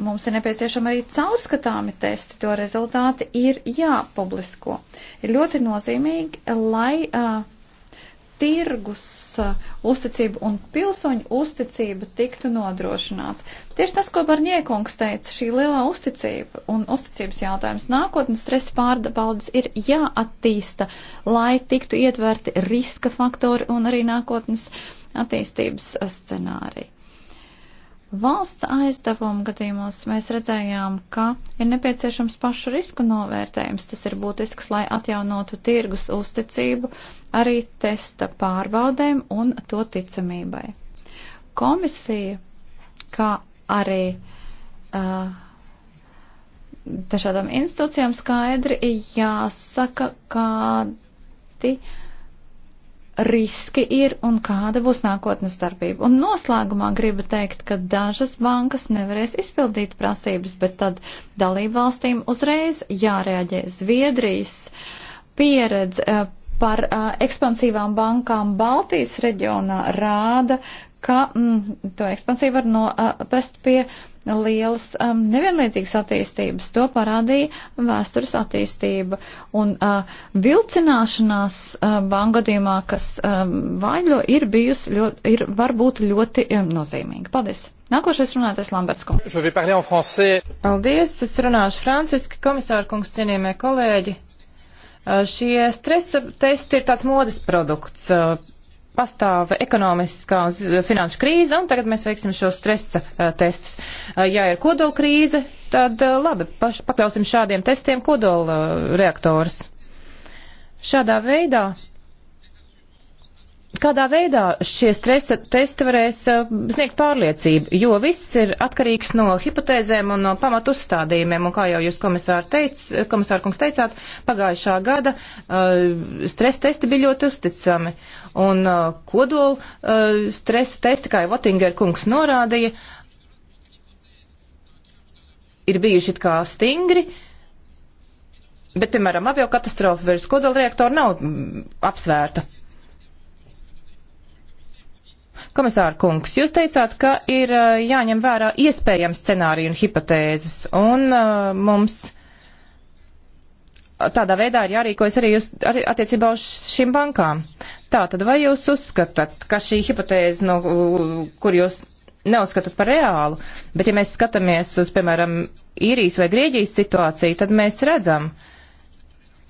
Mums ir nepieciešama arī caurskatāmi testi, to rezultāti ir jāpublisko. Ir ļoti nozīmīgi, lai uh, tirgus uh, uzticība un pilsoņu uzticība tiktu nodrošināta. Tieši tas, ko Barņiekungs teica, šī lielā uzticība un uzticības jautājums nākotnes stresa pārbaudas ir jāattīsta, lai tiktu ietverti riska faktori un arī nākotnes uh, attīstības scenāriju. Valsts aizdevumu gadījumos mēs redzējām, ka ir nepieciešams pašu risku novērtējums. Tas ir būtisks, lai atjaunotu tirgus uzticību arī testa pārbaudēm un to ticamībai. Komisija, kā arī uh, dažādām institūcijām skaidri jāsaka, kādi riski ir un kāda būs nākotnes darbība. Un noslēgumā gribu teikt, ka dažas bankas nevarēs izpildīt prasības, bet tad dalībvalstīm uzreiz jārēģē Zviedrijas pieredze eh, par eh, ekspansīvām bankām Baltijas reģionā rāda, ka mm, to ekspansiju var novest eh, pie lielas um, nevienlīdzīgas attīstības. To parādīja vēstures attīstība un uh, vilcināšanās uh, bangadījumā, kas um, vaļo ir bijusi, ļoti, ir varbūt ļoti um, nozīmīga. Paldies! Nākošais runātais Lamberts kungs. Paldies, es runāšu franciski, komisāra kungs, cienījamie kolēģi. Uh, šie stresa testi ir tāds modes produkts. Uh, pastāv ekonomiskā un finanšu krīze, un tagad mēs veiksim šo stresa uh, testus. Uh, ja ir kodola krīze, tad uh, labi, paš, pakļausim šādiem testiem kodola reaktorus. Šādā veidā Kādā veidā šie stresa testi varēs eh, sniegt pārliecību, jo viss ir atkarīgs no hipotēzēm un no pamatu uzstādījumiem, un kā jau jūs komisāri teic, komisārkungs teicāt, pagājušā gada uh, stresa testi bija ļoti uzticami, un uh, eh, kodola uh, stresa testi, kā jau Votinger kungs norādīja, ir bijuši it kā stingri, uh, Bet, piemēram, avio katastrofa virs kodolreaktora nav mm, apsvērta. Komisāra kungs, jūs teicāt, ka ir jāņem vērā iespējams scenāriju un hipotēzes, un uh, mums tādā veidā ir jārīkojas arī, uz, arī attiecībā uz šīm bankām. Tā tad vai jūs uzskatāt, ka šī hipotēze, no, kur jūs neuzskatāt par reālu, bet ja mēs skatāmies uz, piemēram, īrijas vai Grieģijas situāciju, tad mēs redzam, uh,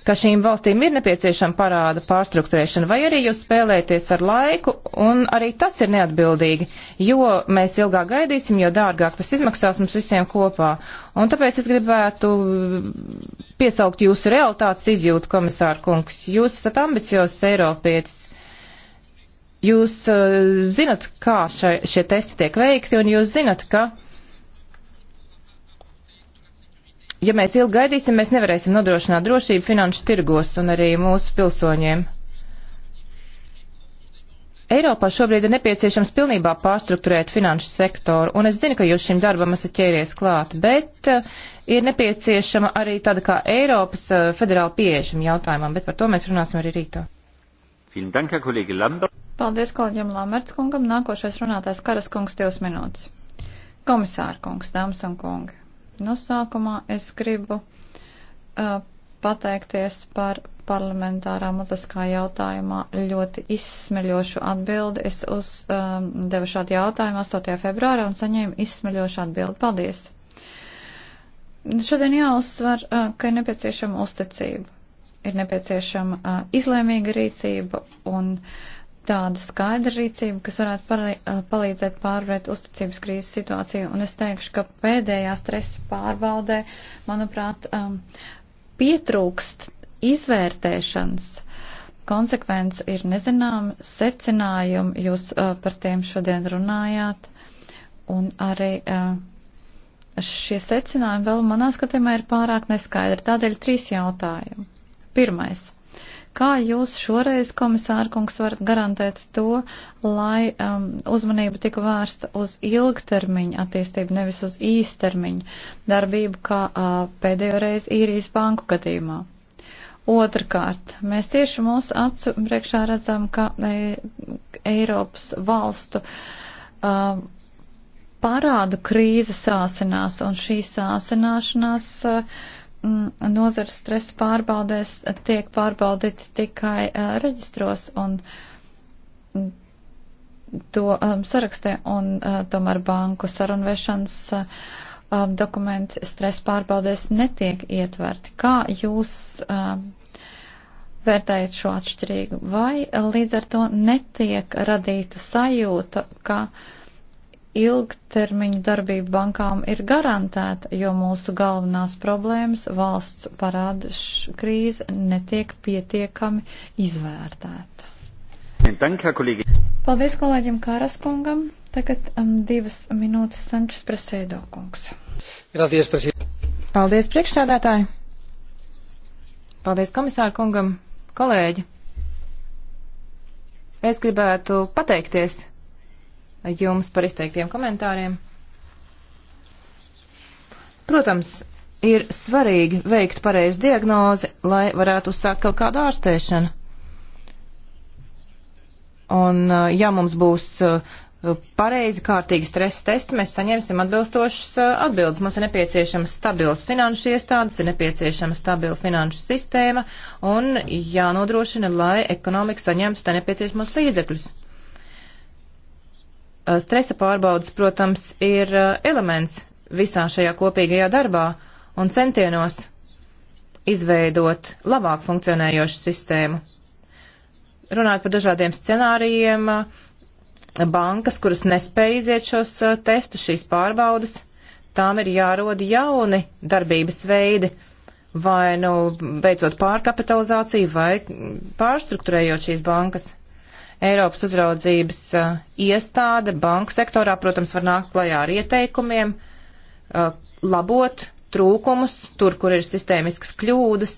ka šīm valstīm ir nepieciešama parāda pārstruktūrēšana, vai arī jūs spēlēties ar laiku, un arī tas ir neatbildīgi, jo mēs ilgāk gaidīsim, jo dārgāk tas izmaksās mums visiem kopā. Un tāpēc es gribētu piesaukt jūsu realitātes izjūtu, komisāra kungs. Jūs esat ambiciozs Eiropietis. Jūs uh, zinat, kā šai, šie testi tiek veikti, un jūs zinat, ka uh, Ja mēs ilgi gaidīsim, mēs nevarēsim nodrošināt drošību finanšu tirgos un arī mūsu pilsoņiem. Eiropā šobrīd ir nepieciešams pilnībā pārstruktūrēt finanšu sektoru, un es zinu, ka jūs šim darbam esat ķēries klāt, bet eh, ir nepieciešama arī tāda kā Eiropas eh, federāla pieeja šim jautājumam, bet par to mēs runāsim arī rītā. Paldies kolēģiem Lamerts kungam. Nākošais runātājs Karas kungs divas minūtes. Komisāra kungs, dāmas un kungi. Nosākumā nu, es gribu uh, pateikties par parlamentārā mutiskā jautājumā ļoti izsmeļošu atbildi. Es uzdevu um, šādu jautājumu 8. februārā un saņēmu izsmeļošu atbildi. Paldies! Šodien jāuzsver, uh, ka ir nepieciešama uzticība, ir nepieciešama uh, izlēmīga rīcība un uh, tāda skaidra rīcība, kas varētu parī, palīdzēt pārvarēt uzticības krīzes situāciju. Un es teikšu, ka pēdējā stresa pārbaudē, manuprāt, um, pietrūkst izvērtēšanas. Konsekvence ir nezināma, secinājumi, jūs uh, par tiem šodien runājāt, un arī uh, šie secinājumi vēl manā skatījumā ir pārāk neskaidri. Tādēļ trīs jautājumi. Pirmais Kā jūs šoreiz, komisārkungs, varat garantēt to, lai um, uzmanība tika vērsta uz ilgtermiņu attīstību, nevis uz īstermiņu darbību, kā uh, pēdējo reizi īrijas banku gadījumā? Otrakārt, mēs tieši mūsu acu priekšā redzam, ka e, Eiropas valstu uh, parādu krīze sāsinās, un šī sāsināšanās uh, Mm, nozares stresa pārbaudēs tiek pārbaudīti tikai uh, reģistros un mm, to um, sarakstē un uh, tomēr banku sarunvešanas uh, dokumenti stresa pārbaudēs netiek ietverti. Kā jūs uh, vērtējat šo atšķirīgu? Vai līdz ar to netiek radīta sajūta, ka uh, ilgtermiņa darbība bankām ir garantēta, jo mūsu galvenās problēmas valsts parāda krīze netiek pietiekami izvērtēta. Paldies kolēģim Kāraskungam. Tagad um, divas minūtes Sančes Presēdo kungs. Paldies, Paldies priekšsādātāji. Paldies komisāru kungam, kolēģi. Es gribētu pateikties jums par izteiktiem komentāriem. Protams, ir svarīgi veikt pareizi diagnozi, lai varētu uzsākt kaut kādu ārstēšanu. Un, uh, ja mums būs uh, pareizi kārtīgi stresa testi, mēs saņemsim atbilstošas uh, atbildes. Mums ir nepieciešams stabils finanšu iestādes, ir nepieciešama stabila finanšu sistēma un jānodrošina, lai ekonomika saņemtu tā nepieciešamos līdzekļus. Eh, stresa pārbaudas, protams, ir eh, elements visā šajā kopīgajā darbā un centienos izveidot labāk funkcionējošu sistēmu. Runāt par dažādiem scenārijiem, eh, bankas, kuras nespēja iziet šos testus, šīs pārbaudas, tām ir jāroda jauni darbības veidi, vai nu veicot pārkapitalizāciju, vai mm, pārstruktūrējot šīs bankas. Eiropas uzraudzības iestāde banku sektorā, protams, var nākt klajā ar ieteikumiem, labot trūkumus tur, kur ir sistēmiskas kļūdas,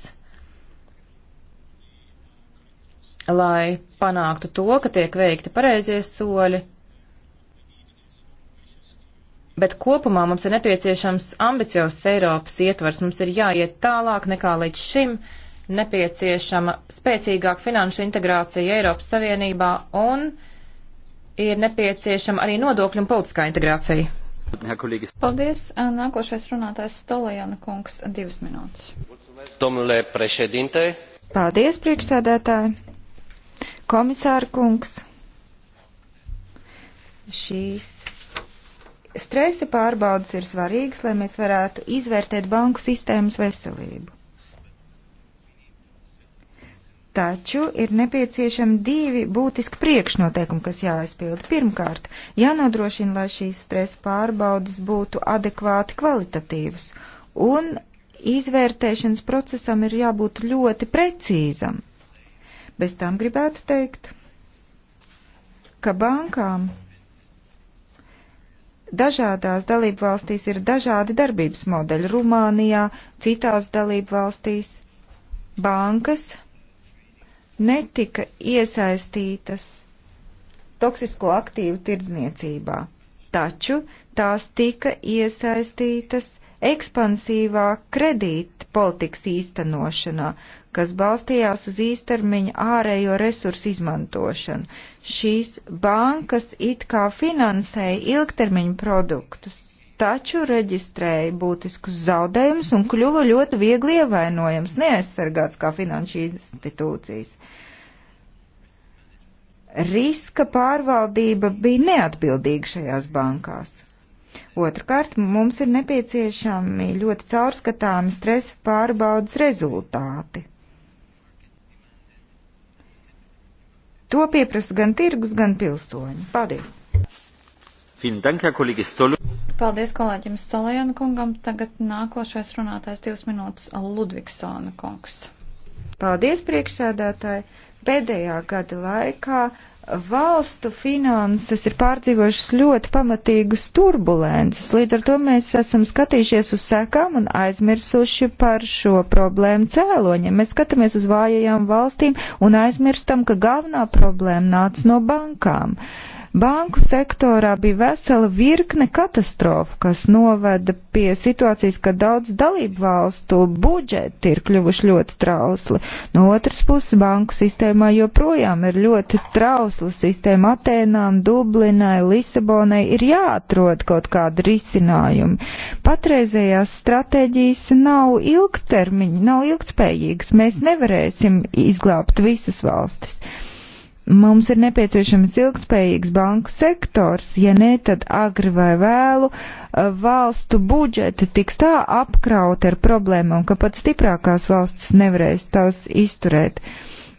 lai panāktu to, ka tiek veikti pareizie soļi. Bet kopumā mums ir nepieciešams ambiciozs Eiropas ietvars, mums ir jāiet tālāk nekā līdz šim. Uh, nepieciešama spēcīgāka finanšu integrācija Eiropas Savienībā un ir nepieciešama arī nodokļu un politiskā integrācija. Paldies. Nākošais runātājs Stolajana kungs, divas minūtes. Domnule prešedinte. Paldies, priekšsēdētāji. Komisāra kungs. Šīs stresa pārbaudas ir svarīgas, lai mēs varētu izvērtēt banku sistēmas veselību Taču ir nepieciešami divi būtiski priekšnoteikumi, kas jāaizpilda. Pirmkārt, jānodrošina, lai šīs stresa pārbaudas būtu adekvāti kvalitatīvas, un izvērtēšanas procesam ir jābūt ļoti precīzam. Bez tam gribētu teikt, ka bankām dažādās dalību valstīs ir dažādi darbības modeļi. Rumānijā, citās dalību valstīs bankas netika iesaistītas toksisko aktīvu tirdzniecībā, taču tās tika iesaistītas ekspansīvā kredīta politikas īstenošanā, kas balstījās uz īstermiņa ārējo resursu izmantošanu. Šīs bankas it kā finansēja ilgtermiņa produktus taču reģistrēja būtiskus zaudējumus un kļuva ļoti viegli ievainojams, neaizsargāts kā finanšu institūcijas. Riska pārvaldība bija neatbildīga šajās bankās. Otrakārt, mums ir nepieciešami ļoti caurskatāmi stresa pārbaudas rezultāti. To pieprasa gan tirgus, gan pilsoņi. Paldies! Paldies kolēģim Stolajana kungam. Tagad nākošais runātājs divas minūtes Ludvigsona kungs. Paldies priekšsēdētāji. Pēdējā gada laikā valstu finanses ir pārdzīvojušas ļoti pamatīgas turbulences. Līdz ar to mēs esam skatījušies uz sekām un aizmirsuši par šo problēmu cēloņiem. Mēs skatāmies uz vājajām valstīm un aizmirstam, ka galvenā problēma nāca no bankām. Uh, Banku sektorā bija vesela virkne katastrofu, kas noveda pie situācijas, ka daudz dalību valstu budžeti ir kļuvuši ļoti trausli. No otras puses, banku sistēmā joprojām ir ļoti trausla sistēma Atēnām, Dublinai, Lisabonai. Ir jāatrod kaut kādi risinājumi. Patreizējās stratēģijas nav ilgtermiņa, nav ilgtspējīgas. Mēs nevarēsim izglābt visas valstis. Mums ir nepieciešams ilgspējīgs banku sektors, ja ne, tad agri vai vēlu eh, valstu budžeti tiks tā apkrauti ar problēmām, ka pat stiprākās valstis nevarēs tās izturēt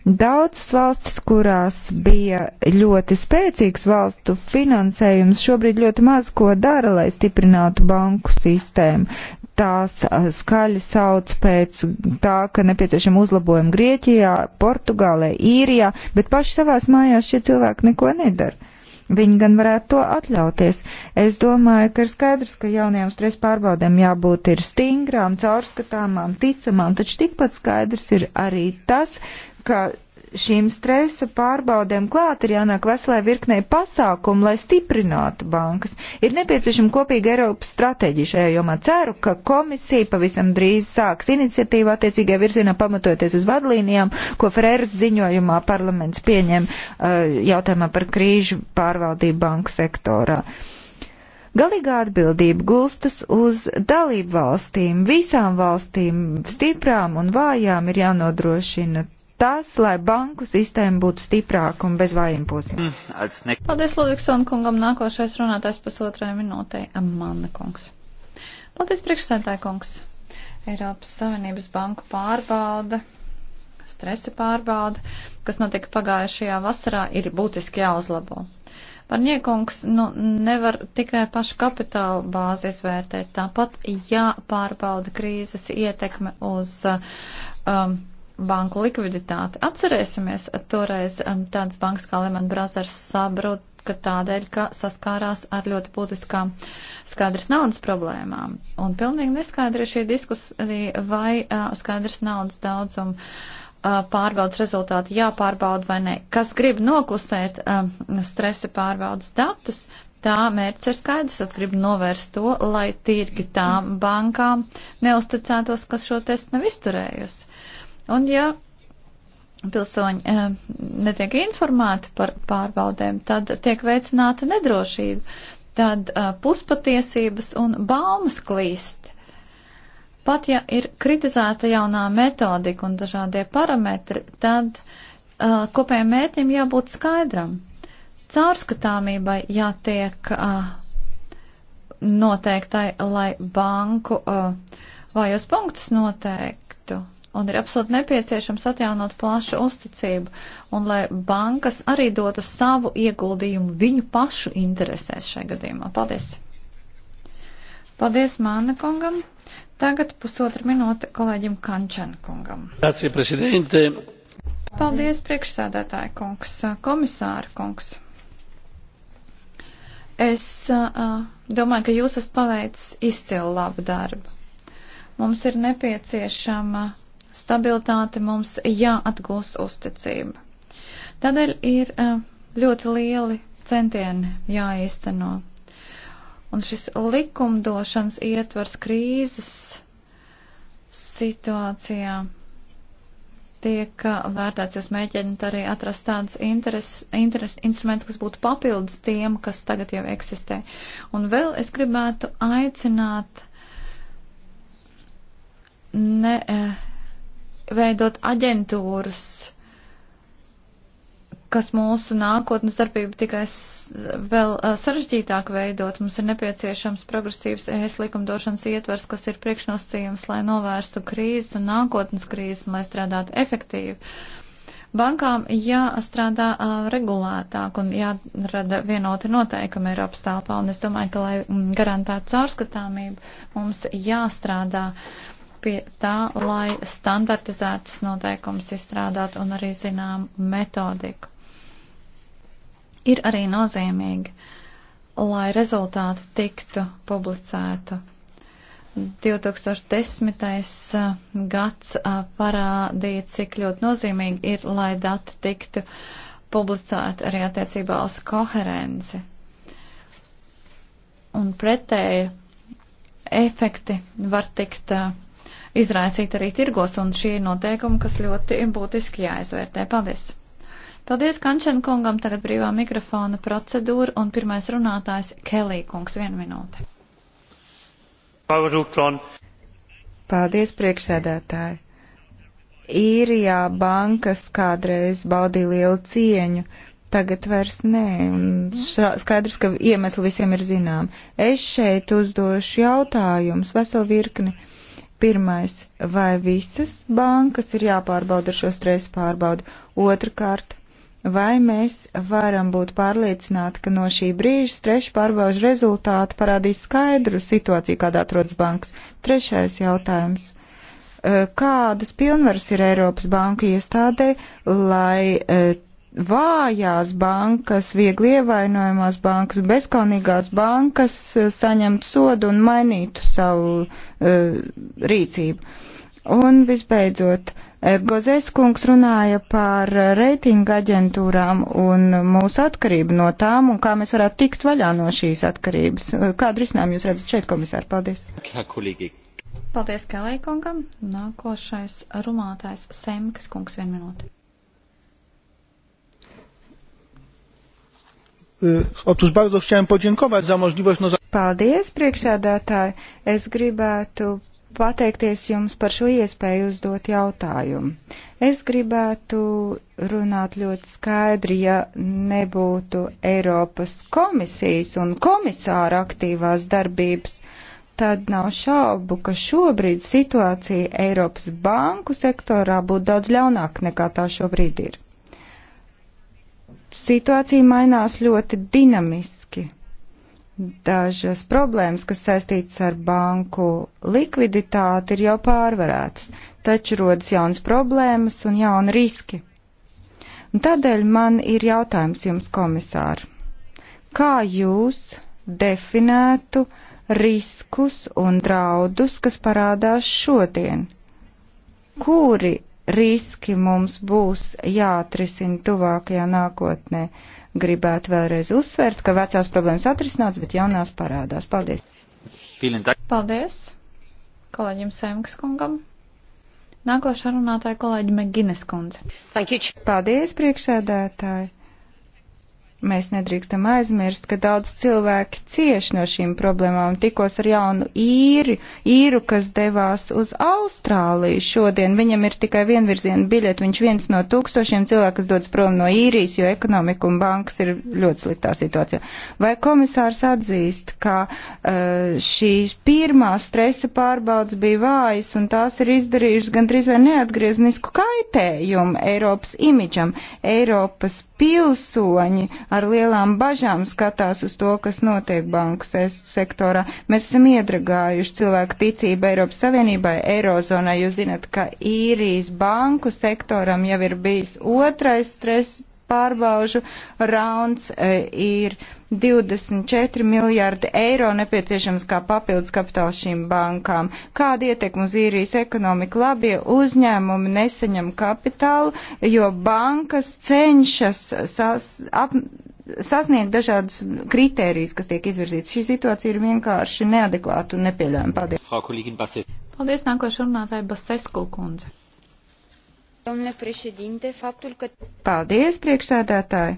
daudzas valstis, kurās bija ļoti spēcīgs valstu finansējums, šobrīd ļoti maz ko dara, lai stiprinātu banku sistēmu tās skaļi sauc pēc tā, ka nepieciešama uzlabojuma Grieķijā, Portugālē, Īrijā, bet paši savās mājās šie cilvēki neko nedara. Viņi gan varētu to atļauties. Es domāju, ka ir skaidrs, ka jaunajām stresa pārbaudēm jābūt ir stingrām, caurskatāmām, ticamām, taču tikpat skaidrs ir arī tas, ka šīm stresa pārbaudēm klāt ir jānāk veselē virknē pasākumu, lai stiprinātu bankas. Ir nepieciešama kopīga Eiropas stratēģija šajā jomā. Ceru, ka komisija pavisam drīz sāks iniciatīvu attiecīgajā virzienā pamatoties uz vadlīnijām, ko Frēras ziņojumā parlaments pieņem uh, jautājumā par krīžu pārvaldību banku sektorā. Galīgā atbildība gulstas uz dalību valstīm, visām valstīm, stiprām un vājām ir jānodrošina tas, lai banku sistēma būtu stiprāka un bez vājiem posmiem. Mm, Paldies, Ludvigsona kungam. Nākošais runātājs pusotrai minūtei - Manna kungs. Paldies, priekšsētāja kungs. Eiropas Savienības banku pārbauda, stresa pārbauda, kas notika pagājušajā vasarā, ir būtiski jāuzlabo. Varņiekungs nu, nevar tikai pašu kapitālu bāzi izvērtēt, tāpat jāpārbauda krīzes ietekme uz um, banku likviditāti. Atcerēsimies, toreiz um, tādas bankas kā Lehman Brothers sabrut, ka tādēļ, ka saskārās ar ļoti būtiskām skaidrs naudas problēmām. Un pilnīgi neskaidri šī diskusija, vai uh, skaidrs naudas daudzuma uh, pārbaudas rezultāti jāpārbauda vai nē. Kas grib noklusēt uh, stresa pārbaudas datus, tā mērķis ir skaidrs, es gribu novērst to, lai tirgi tām bankām neusticētos, kas šo testu nav izturējusi. Un ja pilsoņi eh, netiek informēti par pārbaudēm, tad tiek veicināta nedrošība, tad eh, puspatiesības un baumas klīst. Pat ja ir kritizēta jaunā metodika un dažādie parametri, tad uh, kopējiem mērķim jābūt skaidram. Caurskatāmībai jātiek uh, noteiktai, lai banku uh, vājos punktus noteiktu un ir absolūti nepieciešams atjaunot plašu uzticību, un lai bankas arī dotu savu ieguldījumu viņu pašu interesēs šajā gadījumā. Paldies! Paldies Māna kungam! Tagad pusotra minūte kolēģim Kančan kungam. Grazie, prezidente! Paldies, priekšsādātāja kungs, komisāra kungs! Es uh, domāju, ka jūs esat paveicis izcilu labu darbu. Mums ir nepieciešama uh, stabilitāti mums jāatgūst uzticība. Tādēļ ir e, ļoti lieli centieni jāīsteno. Un šis likumdošanas ietvars krīzes situācijā tiek e, vērtēts, jūs mēģināt arī atrast tādas interes, interes, instruments, kas būtu papildus tiem, kas tagad jau eksistē. Un vēl es gribētu aicināt ne, e, veidot aģentūras, kas mūsu nākotnes darbību tikai vēl sarežģītāk veidot. Mums ir nepieciešams progresīvs ES likumdošanas ietvers, kas ir priekšnosacījums, lai novērstu krīzes un nākotnes krīzes un lai strādātu efektīvi. Bankām jāstrādā uh, regulētāk un jārada vienoti noteikumi Eiropas tālpā, un es domāju, ka, lai mm, garantētu caurskatāmību, mums jāstrādā pie tā, lai standartizētus noteikumus izstrādāt un arī zinām metodiku. Ir arī nozīmīgi, lai rezultāti tiktu publicētu. Uh, 2010. gads uh, parādīja, cik ļoti nozīmīgi ir, lai dati tiktu publicēti arī attiecībā uz koherenci. Un pretēji efekti var tikt uh, izraisīt arī tirgos, un šie ir noteikumi, kas ļoti būtiski jāizvērtē. Paldies! Paldies Kančen kungam, tagad brīvā mikrofona procedūra, un pirmais runātājs Kelī kungs, viena minūte. Paldies, priekšsēdētāji! Īrijā bankas kādreiz baudīja lielu cieņu, tagad vairs nē, un šā, skaidrs, ka iemesli visiem ir zinām. Es šeit uzdošu jautājumus, veselu virkni Pirmais, vai visas bankas ir jāpārbauda ar šo stresu pārbaudu? Otrakārt, vai mēs varam būt pārliecināti, ka no šī brīža stresu pārbaužu rezultāti parādīs skaidru situāciju, kādā atrodas bankas? Trešais jautājums eh, kādas pilnvaras ir Eiropas banku iestādē, lai eh, vājās bankas, viegli ievainojamās bankas, bezkalnīgās bankas eh, saņemtu sodu un mainītu savu uh, rīcību. Un visbeidzot, eh, Gozēs kungs runāja par reitinga aģentūrām un mūsu atkarību no tām un kā mēs varētu tikt vaļā no šīs atkarības. Kādu risinājumu jūs redzat šeit, komisāri? Paldies! Kā kolīgi? Paldies Kalēkungam. Nākošais runātājs Semkas kungs vien minūte. E, Otus bardzo chciałem podziękować za możliwość. No... Paldies, priekšsēdētāji. Es gribētu pateikties jums par šo iespēju uzdot jautājumu. Es gribētu runāt ļoti skaidri, ja nebūtu Eiropas komisijas un komisāra aktīvās darbības, tad nav šaubu, ka šobrīd situācija Eiropas banku sektorā būtu daudz ļaunāka nekā tā šobrīd ir. Situācija mainās ļoti dinamiski. Dažas problēmas, kas saistītas ar banku likviditāti, ir jau pārvarētas, taču rodas jaunas problēmas un jauni riski. Un tādēļ man ir jautājums jums, komisāri. Kā jūs definētu riskus un draudus, kas parādās šodien? Kuri riski mums būs jāatrisina tuvākajā nākotnē. Gribētu vēlreiz uzsvērt, ka vecās problēmas atrisināts, bet jaunās parādās. Paldies! Paldies kolēģim Sēmkas kungam! Nākošā runātāja kolēģi Megines kundze. Paldies, priekšsēdētāji! Mēs nedrīkstam aizmirst, ka daudz cilvēki cieš no šīm problēmām. Tikos ar jaunu īri, īru, kas devās uz Austrāliju šodien. Viņam ir tikai vienvirziena biļete. Viņš viens no tūkstošiem cilvēku, kas dodas prom no īrijas, jo ekonomika un bankas ir ļoti sliktā situācijā. Vai komisārs atzīst, ka uh, šīs pirmās stresa pārbaudas bija vājas un tās ir izdarījušas gandrīz vai neatgrieznisku kaitējumu Eiropas imidžam? Eiropas pilsoņi ar lielām bažām skatās uz to, kas notiek banku sektorā. Mēs esam iedragājuši cilvēku ticību Eiropas Savienībai, Eirozonai. Jūs zinat, ka īrijas banku sektoram jau ir bijis otrais stress pārbaužu rauns e, ir 24 miljārdi eiro nepieciešams kā papildus kapitāls šīm bankām. Kāda ietekma uz īrijas ekonomiku? Labie uzņēmumi nesaņem kapitālu, jo bankas cenšas sas, ap, sasniegt dažādus kritērijus, kas tiek izvirzīts. Šī situācija ir vienkārši neadekvāta un nepieļaujama. Paldies. Paldies, nākošais runātāja Basesku kundze. Domnule președinte, faptul că... Paldies, priekšsēdētāji!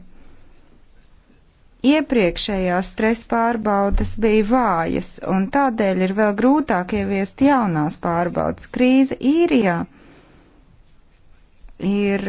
Iepriekšējās stresa pārbaudas bija vājas, un tādēļ ir vēl grūtāk ieviest jaunās pārbaudas. Krīze īrijā ir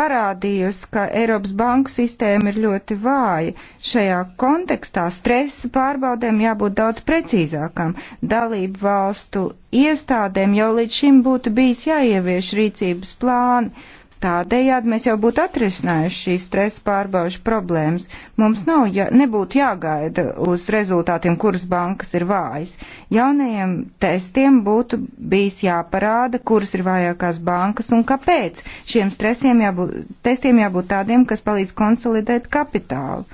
parādījusi, ka Eiropas banku sistēma ir ļoti vāja. Šajā kontekstā stresa pārbaudēm jābūt daudz precīzākam. Dalību valstu iestādēm jau līdz šim būtu bijis jāievieš rīcības plāni Tādējādi mēs jau būtu atrisinājuši šīs stresa pārbaužu problēmas. Mums nav, ja, nebūtu jāgaida uz rezultātiem, kuras bankas ir vājas. Jaunajiem testiem būtu bijis jāparāda, kuras ir vājākās bankas un kāpēc. Šiem stresiem jābūt, testiem jābūt tādiem, kas palīdz konsolidēt kapitālu.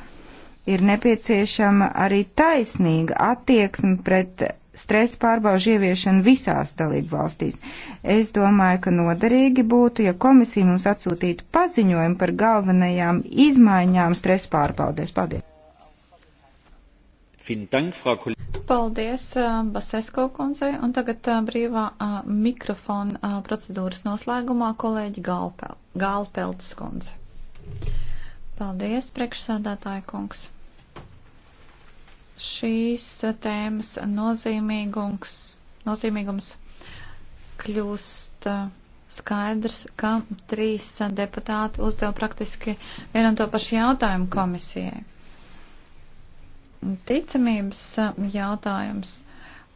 Ir nepieciešama arī taisnīga attieksme pret stresa pārbaužu ieviešanu visās dalību valstīs. Es domāju, ka noderīgi būtu, ja komisija mums atsūtītu paziņojumu par galvenajām izmaiņām stresa pārbaudēs. Paldies! Paldies, uh, Basesko kundzei. Un tagad uh, brīvā uh, mikrofona procedūras noslēgumā kolēģi Galpel, Galpelts kundze. Paldies, priekšsādātāja kungs šīs tēmas nozīmīgums, nozīmīgums kļūst uh, skaidrs, ka trīs deputāti uzdeva praktiski vienu un to pašu jautājumu komisijai. Ticamības uh, jautājums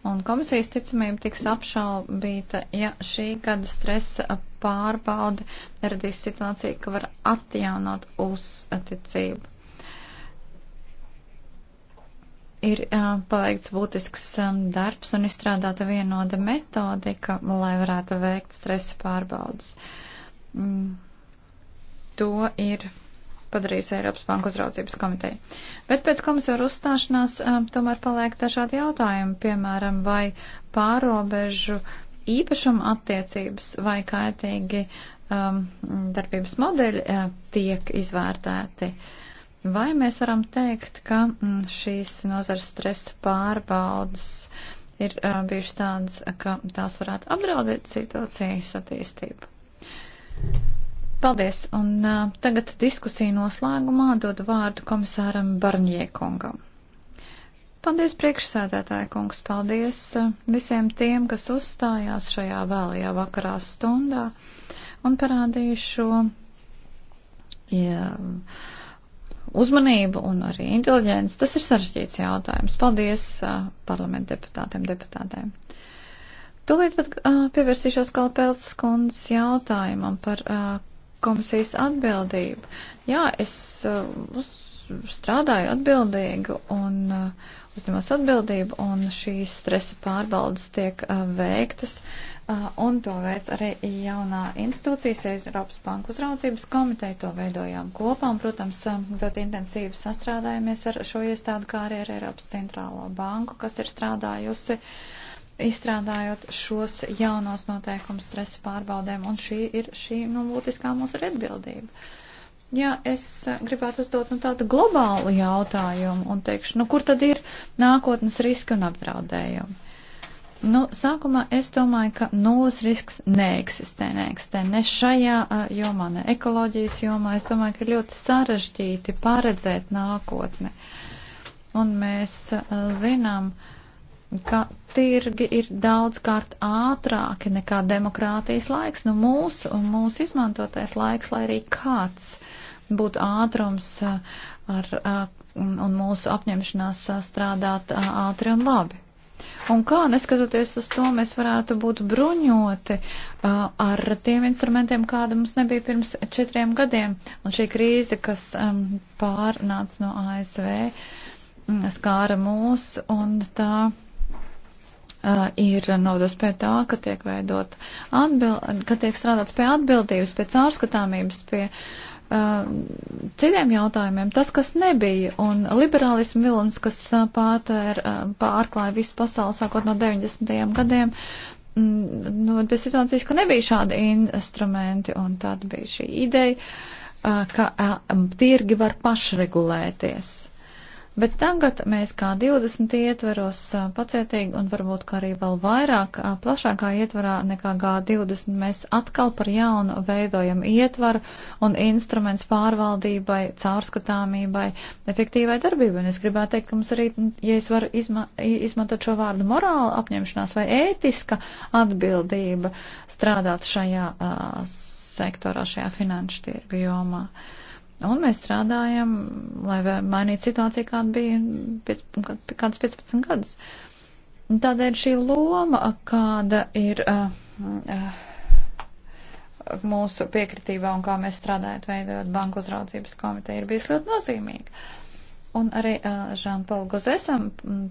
un komisijas ticamība tiks apšaubīta, ja šī gada stresa pārbaude neradīs situāciju, ka var atjaunot uzticību. ir paveikts būtisks darbs un izstrādāta vienoda metodika, lai varētu veikt stresa pārbaudas. Mm. To ir padarījis Eiropas Banku uzraudzības komiteja. Bet pēc komisāra uzstāšanās um, tomēr paliek dažādi jautājumi, piemēram, vai pārobežu īpašuma attiecības vai kaitīgi um, darbības modeļi uh, tiek izvērtēti. Uh, Vai mēs varam teikt, ka mm, šīs nozars stresa pārbaudas ir uh, bijušas tādas, ka tās varētu apdraudēt situācijas attīstību? Paldies, un uh, tagad diskusiju noslēgumā dod vārdu komisāram Barņiekungam. Paldies, priekšsēdētāja kungs, paldies visiem tiem, kas uzstājās šajā vēlajā vakarā stundā un parādīja šo jā, uzmanību un arī inteliģenci, tas ir sarežģīts jautājums. Paldies uh, parlamentu deputātiem, deputātēm. Tūlīt pat uh, pievērsīšos Kalpēlts kundzes jautājumam par uh, komisijas atbildību. Jā, es uh, uz, strādāju atbildīgi un uh, uzņemos atbildību, un šīs stresa pārbaudas tiek uh, veiktas Uh, un to veids arī jaunā institūcijas Eiropas Banku uzraudzības komiteja. To veidojām kopā un, protams, um, ļoti intensīvi sastrādājamies ar šo iestādu, kā arī ar Eiropas centrālo banku, kas ir strādājusi izstrādājot šos jaunos noteikumus stresa pārbaudēm, un šī ir šī, nu, būtiskā mūsu atbildība. Jā, es uh, gribētu uzdot nu, tādu globālu jautājumu un teikšu, nu, kur tad ir nākotnes riski un apdraudējumi? Nu, sākumā es domāju, ka nulles risks neeksistē, neeksistē ne šajā jomā, ne ekoloģijas jomā. Es domāju, ka ir ļoti sarežģīti paredzēt nākotni. Un mēs zinām, ka tirgi ir daudz kārt ātrāki nekā demokrātijas laiks. Nu, mūsu, mūsu izmantotais laiks, lai arī kāds būtu ātrums ar, un mūsu apņemšanās strādāt ātri un labi. Un kā, neskatoties uz to, mēs varētu būt bruņoti uh, ar tiem instrumentiem, kāda mums nebija pirms četriem gadiem. Un šī krīze, kas um, pārnāca no ASV, skāra mūs, un tā uh, ir nodos pie tā, ka tiek veidot atbild, ka tiek strādāts pie atbildības, pēc ārskatāmības, pie uh, Uh, citiem jautājumiem, tas, kas nebija, un liberālismu vilns, kas uh, pārtēr, uh, pārklāja visu pasauli sākot no 90. gadiem, mm, nu, pie situācijas, ka nebija šādi instrumenti, un tad bija šī ideja, ka tirgi var pašregulēties. Bet tagad mēs kā 20 ietveros pacietīgi un varbūt kā arī vēl vairāk plašākā ietvarā nekā G20 mēs atkal par jaunu veidojam ietvaru un instruments pārvaldībai, caurskatāmībai, efektīvai darbībai. Un es gribētu teikt, ka mums arī, ja es varu izma izmantot šo vārdu morāla apņemšanās vai ētiska atbildība strādāt šajā uh, sektorā, šajā finanšu tirgu jomā. Uh, Un mēs strādājam, lai mainītu situāciju, kāda bija pēc kādas 15 gadus. Tādēļ šī loma, kāda ir uh, uh, mūsu piekritībā un kā mēs strādājot, veidojot banku uzraudzības komiteju, ir bijis ļoti nozīmīga. Un arī uh, Žanpaul Gozesam,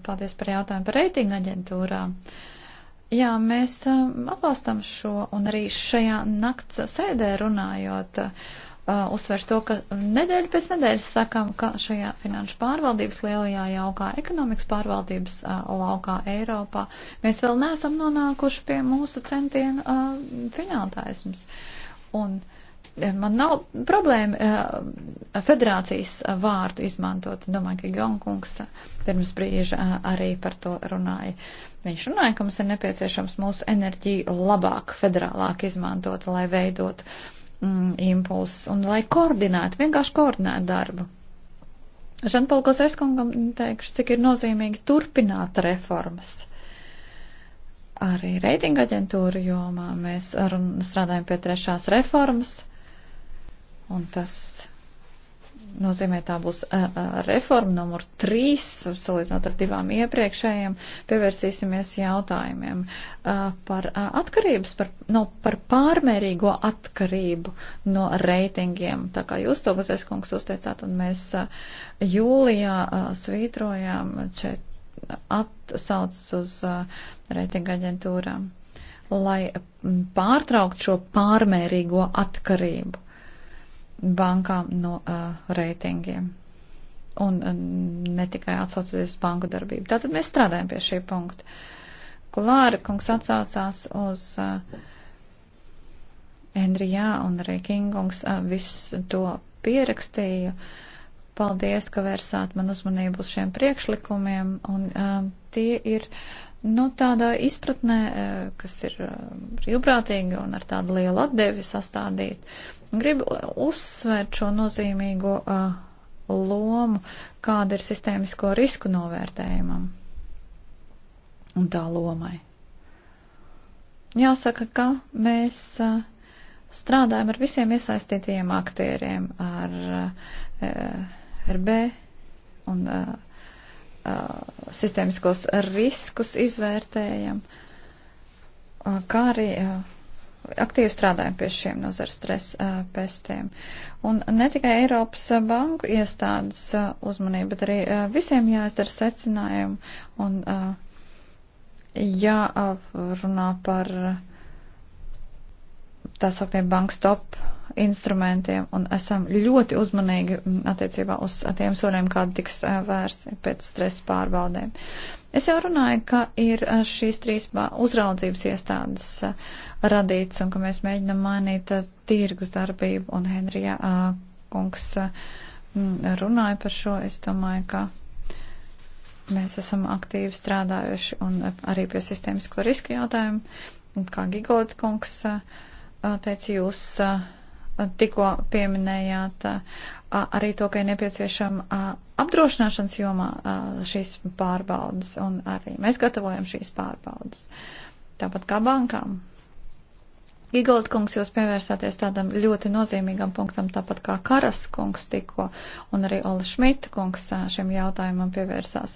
paldies par jautājumu par reitinga aģentūrām. Jā, mēs uh, atbalstam šo un arī šajā nakts sēdē runājot. Uh, uh, uzsvers to, ka nedēļa pēc nedēļas sakam, ka šajā finanšu pārvaldības lielajā jaukā, ekonomikas pārvaldības uh, laukā Eiropā mēs vēl neesam nonākuši pie mūsu centienu uh, fināltaismas. Un e, man nav problēma uh, federācijas vārdu izmantot. Domāju, ka Jonkungs pirms brīža uh, arī par to runāja. Viņš runāja, ka mums ir nepieciešams mūsu enerģiju labāk, federālāk izmantot, lai veidot uh, mm, impulss un lai koordinētu, vienkārši koordinētu darbu. Žanpaul Gozeskungam teikšu, cik ir nozīmīgi turpināt reformas. Arī reitinga aģentūra jomā mēs ar, strādājam pie trešās reformas, un tas nozīmē tā būs uh, reforma numur trīs, salīdzinot ar divām iepriekšējiem, pievērsīsimies jautājumiem uh, par uh, atkarības, par, no, par pārmērīgo atkarību no reitingiem. Tā kā jūs to, Gazēs kungs, uzteicāt, un mēs uh, jūlijā uh, svītrojām čet, atsaucas uz uh, reitinga aģentūrām, lai pārtraukt šo pārmērīgo atkarību bankām no uh, reitingiem. Un uh, ne tikai atsaucoties uz banku darbību. Tātad mēs strādājam pie šī punkta. Klāra kungs atsaucās uz uh, Endrijā un arī Kingungs uh, visu to pierakstīju. Paldies, ka vērsāt man uzmanību uz šiem priekšlikumiem. Un uh, tie ir nu, tādā izpratnē, uh, kas ir uh, brīvprātīgi un ar tādu lielu atdevi sastādīt. Gribu uzsvērt šo nozīmīgo uh, lomu, kāda ir sistēmisko risku novērtējumam un tā lomai. Jāsaka, ka mēs uh, strādājam ar visiem iesaistītajiem aktieriem, ar uh, RB un uh, uh, sistēmiskos riskus izvērtējam, uh, kā arī. Uh, aktīvi strādājam pie šiem nozars stresa pestiem. Un ne tikai Eiropas banku iestādes uzmanība, bet arī visiem jāizdara secinājumi un jārunā par tā sauktiem bank stop instrumentiem un esam ļoti uzmanīgi attiecībā uz tiem soļiem, kādi tiks vērsti pēc stresa pārbaudēm. Uh, Es jau runāju, ka ir eh, šīs trīs uzraudzības iestādes eh, radīts un ka mēs mēģinam mainīt eh, tirgus darbību. Un Henrija kungs runāja par šo. Es domāju, ka mēs esam aktīvi strādājuši un arī pie sistēmisko riska jautājumu. Un kā Gigold kungs teica, jūs tikko pieminējāt arī to, ka ir nepieciešama apdrošināšanas jomā šīs pārbaudas, un arī mēs gatavojam šīs pārbaudas. Tāpat kā bankām. Gigold kungs, jūs pievērsāties tādam ļoti nozīmīgam punktam, tāpat kā Karas kungs tikko, un arī Ola Šmita kungs šim jautājumam pievērsās,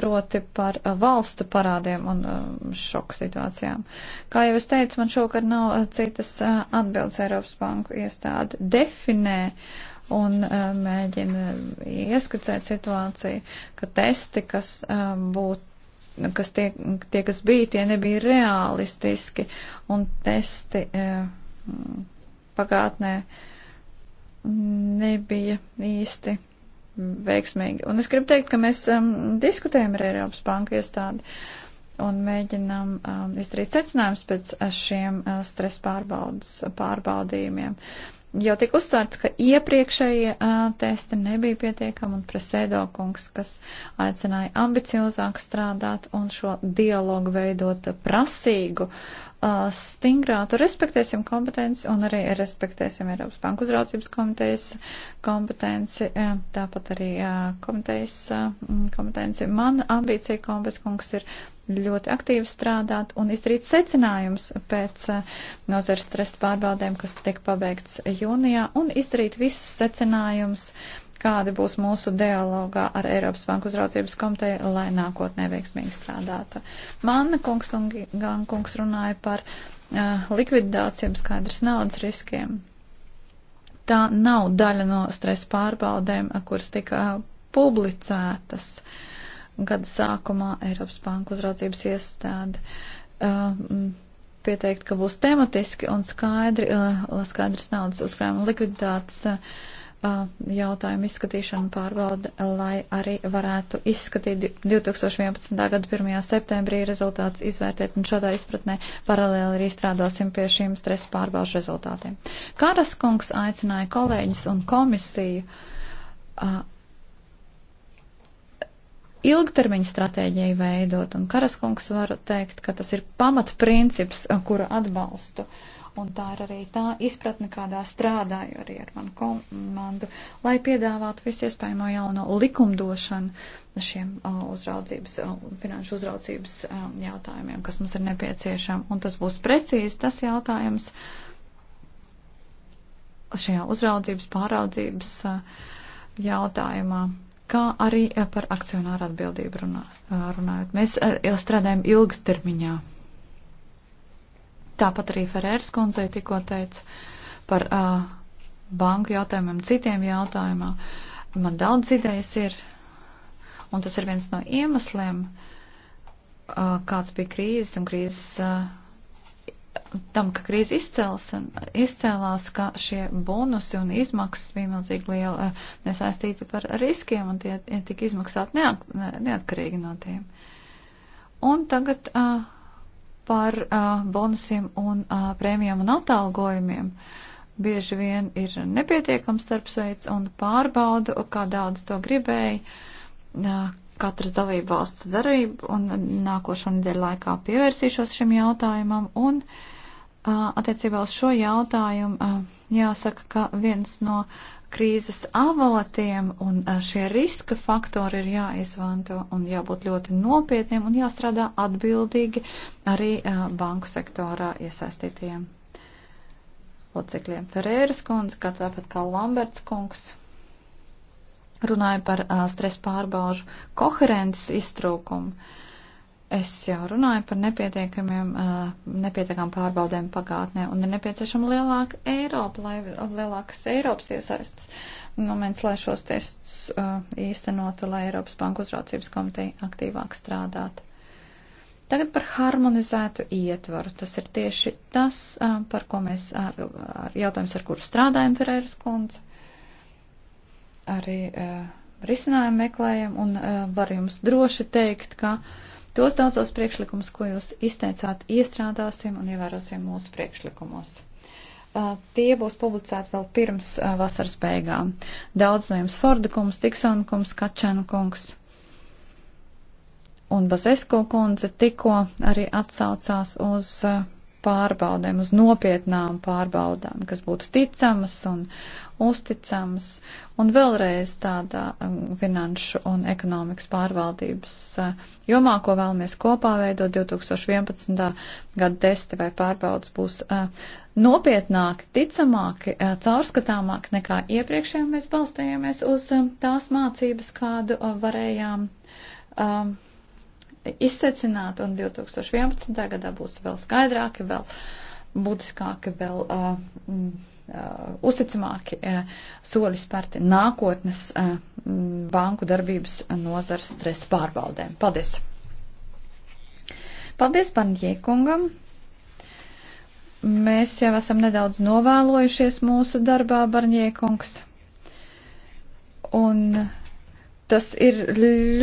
proti par valstu parādiem un šoku situācijām. Kā jau es teicu, man šokar nav citas atbildes Eiropas banku iestāde definē un mēģina ieskicēt situāciju, ka testi, kas būtu Nu, kas tie, tie, kas bija, tie nebija realistiski un testi e, pagātnē nebija īsti veiksmīgi. Un es gribu teikt, ka mēs um, diskutējam ar Eiropas banku iestādi un mēģinam um, izdarīt secinājumus pēc šiem uh, e, stres pārbaudas pārbaudījumiem. Uh, jau tika uzsvērts, ka iepriekšējie uh, testi nebija pietiekami un presēdo kungs, kas aicināja ambiciozāk strādāt un šo dialogu veidot prasīgu, uh, stingrātu. Respektēsim kompetenci un arī respektēsim Eiropas Banku uzraucības komitejas kompetenci, uh, tāpat arī uh, komitejas uh, kompetenci. Man ambīcija kompetenci kungs ir ļoti aktīvi strādāt un izdarīt secinājums pēc eh, nozars stresa pārbaudēm, kas tiek pabeigts jūnijā, un izdarīt visus secinājumus, kādi būs mūsu dialogā ar Eiropas Banku uzraudzības komiteju, lai nākotnē veiksmīgi strādātu. Manna kungs un Gankungs runāja par uh, eh, likviditācijām skaidrs naudas riskiem. Tā nav daļa no stresa pārbaudēm, kuras tika eh, publicētas. Uh, gada sākumā Eiropas Banku uzraudzības iestāde uh, pieteikt, ka būs tematiski un skaidri, uh, skaidrs naudas uzkrājuma likviditātes uh, uh jautājumu izskatīšanu pārbauda, lai arī varētu izskatīt 2011. gada 1. septembrī rezultātus izvērtēt, un šādā izpratnē paralēli arī strādāsim pie šīm stresa pārbaužu rezultātiem. Karaskungs aicināja kolēģis un komisiju uh, ilgtermiņa stratēģiju veidot, un Karaskungs var teikt, ka tas ir pamatprincips, kuru atbalstu. Un tā ir arī tā izpratne, kādā strādāju arī ar manu komandu, lai piedāvātu visiespējamo jauno likumdošanu šiem uh, uzraudzības, uh, finanšu uzraudzības uh, jautājumiem, kas mums ir nepieciešami. Un tas būs precīzi tas jautājums šajā uzraudzības pāraudzības uh, jautājumā kā arī eh, par akcionāru atbildību runā, eh, runājot. Mēs eh, strādājam ilgtermiņā. Tāpat arī Ferēras kundzei tikko teica par uh, banku jautājumiem, citiem jautājumā. Man daudz idejas ir, un tas ir viens no iemesliem, uh, kāds bija krīzes un krīzes. Uh, tam, ka krīze izcēlās, ka šie bonusi un izmaksas bija milzīgi liela eh, nesaistīti par riskiem un tie tika izmaksāt neat, neatkarīgi no tiem. Un tagad uh, par uh, bonusiem un uh, prēmijām un atalgojumiem. Bieži vien ir nepietiekams starpsveids un pārbaudu, kā daudz to gribēja, uh, katras dalību valsts darību un nākošo nedēļu laikā pievērsīšos šim jautājumam. Un uh, attiecībā uz šo jautājumu uh, jāsaka, ka viens no krīzes avalotiem un uh, šie riska faktori ir jāizvanto un jābūt ļoti nopietniem un jāstrādā atbildīgi arī uh, banku sektorā iesaistītiem locekļiem. Ferēras kundze, kā tāpat kā Lamberts kungs runāju par uh, stresa pārbaužu koherences iztrūkumu. Es jau runāju par nepietiekamiem, uh, nepietiekam pārbaudēm pagātnē un ir nepieciešama lielāka Eiropa, lai lielākas Eiropas iesaistas moments, lai šos tests uh, īstenotu, lai Eiropas Banku uzraucības komiteja aktīvāk strādātu. Tagad par harmonizētu ietvaru. Tas ir tieši tas, uh, par ko mēs ar, ar jautājums, ar kuru strādājam, Ferēras kundze arī uh, risinājumu meklējam un uh, var jums droši teikt, ka tos daudzos priekšlikumus, ko jūs izteicāt, iestrādāsim un ievērosim mūsu priekšlikumos. Uh, tie būs publicēti vēl pirms uh, vasaras beigām. Daudz no jums Forda kungs, Tiksona kungs, Kačana kungs un Bazesko kundze tikko arī atsaucās uz uh, pārbaudēm, uz nopietnām pārbaudām, kas būtu ticamas un uzticamas, un vēlreiz tādā um, finanšu un ekonomikas pārvaldības uh, jomā, ko vēlamies kopā veidot 2011. gada testi vai pārbaudas būs uh, nopietnāki, ticamāki, uh, caurskatāmāki nekā iepriekšējiem mēs balstījāmies uz um, tās mācības, kādu varējām. Um, izsecināti, un 2011. gadā būs vēl skaidrāki, vēl būtiskāki, vēl uh, uh, uzticamāki uh, soļi spērti nākotnes uh, banku darbības nozars stresa pārbaudēm. Paldies! Paldies, Panjiekungam! Mēs jau esam nedaudz novēlojušies mūsu darbā, Barņiekungs. Un tas ir ļoti.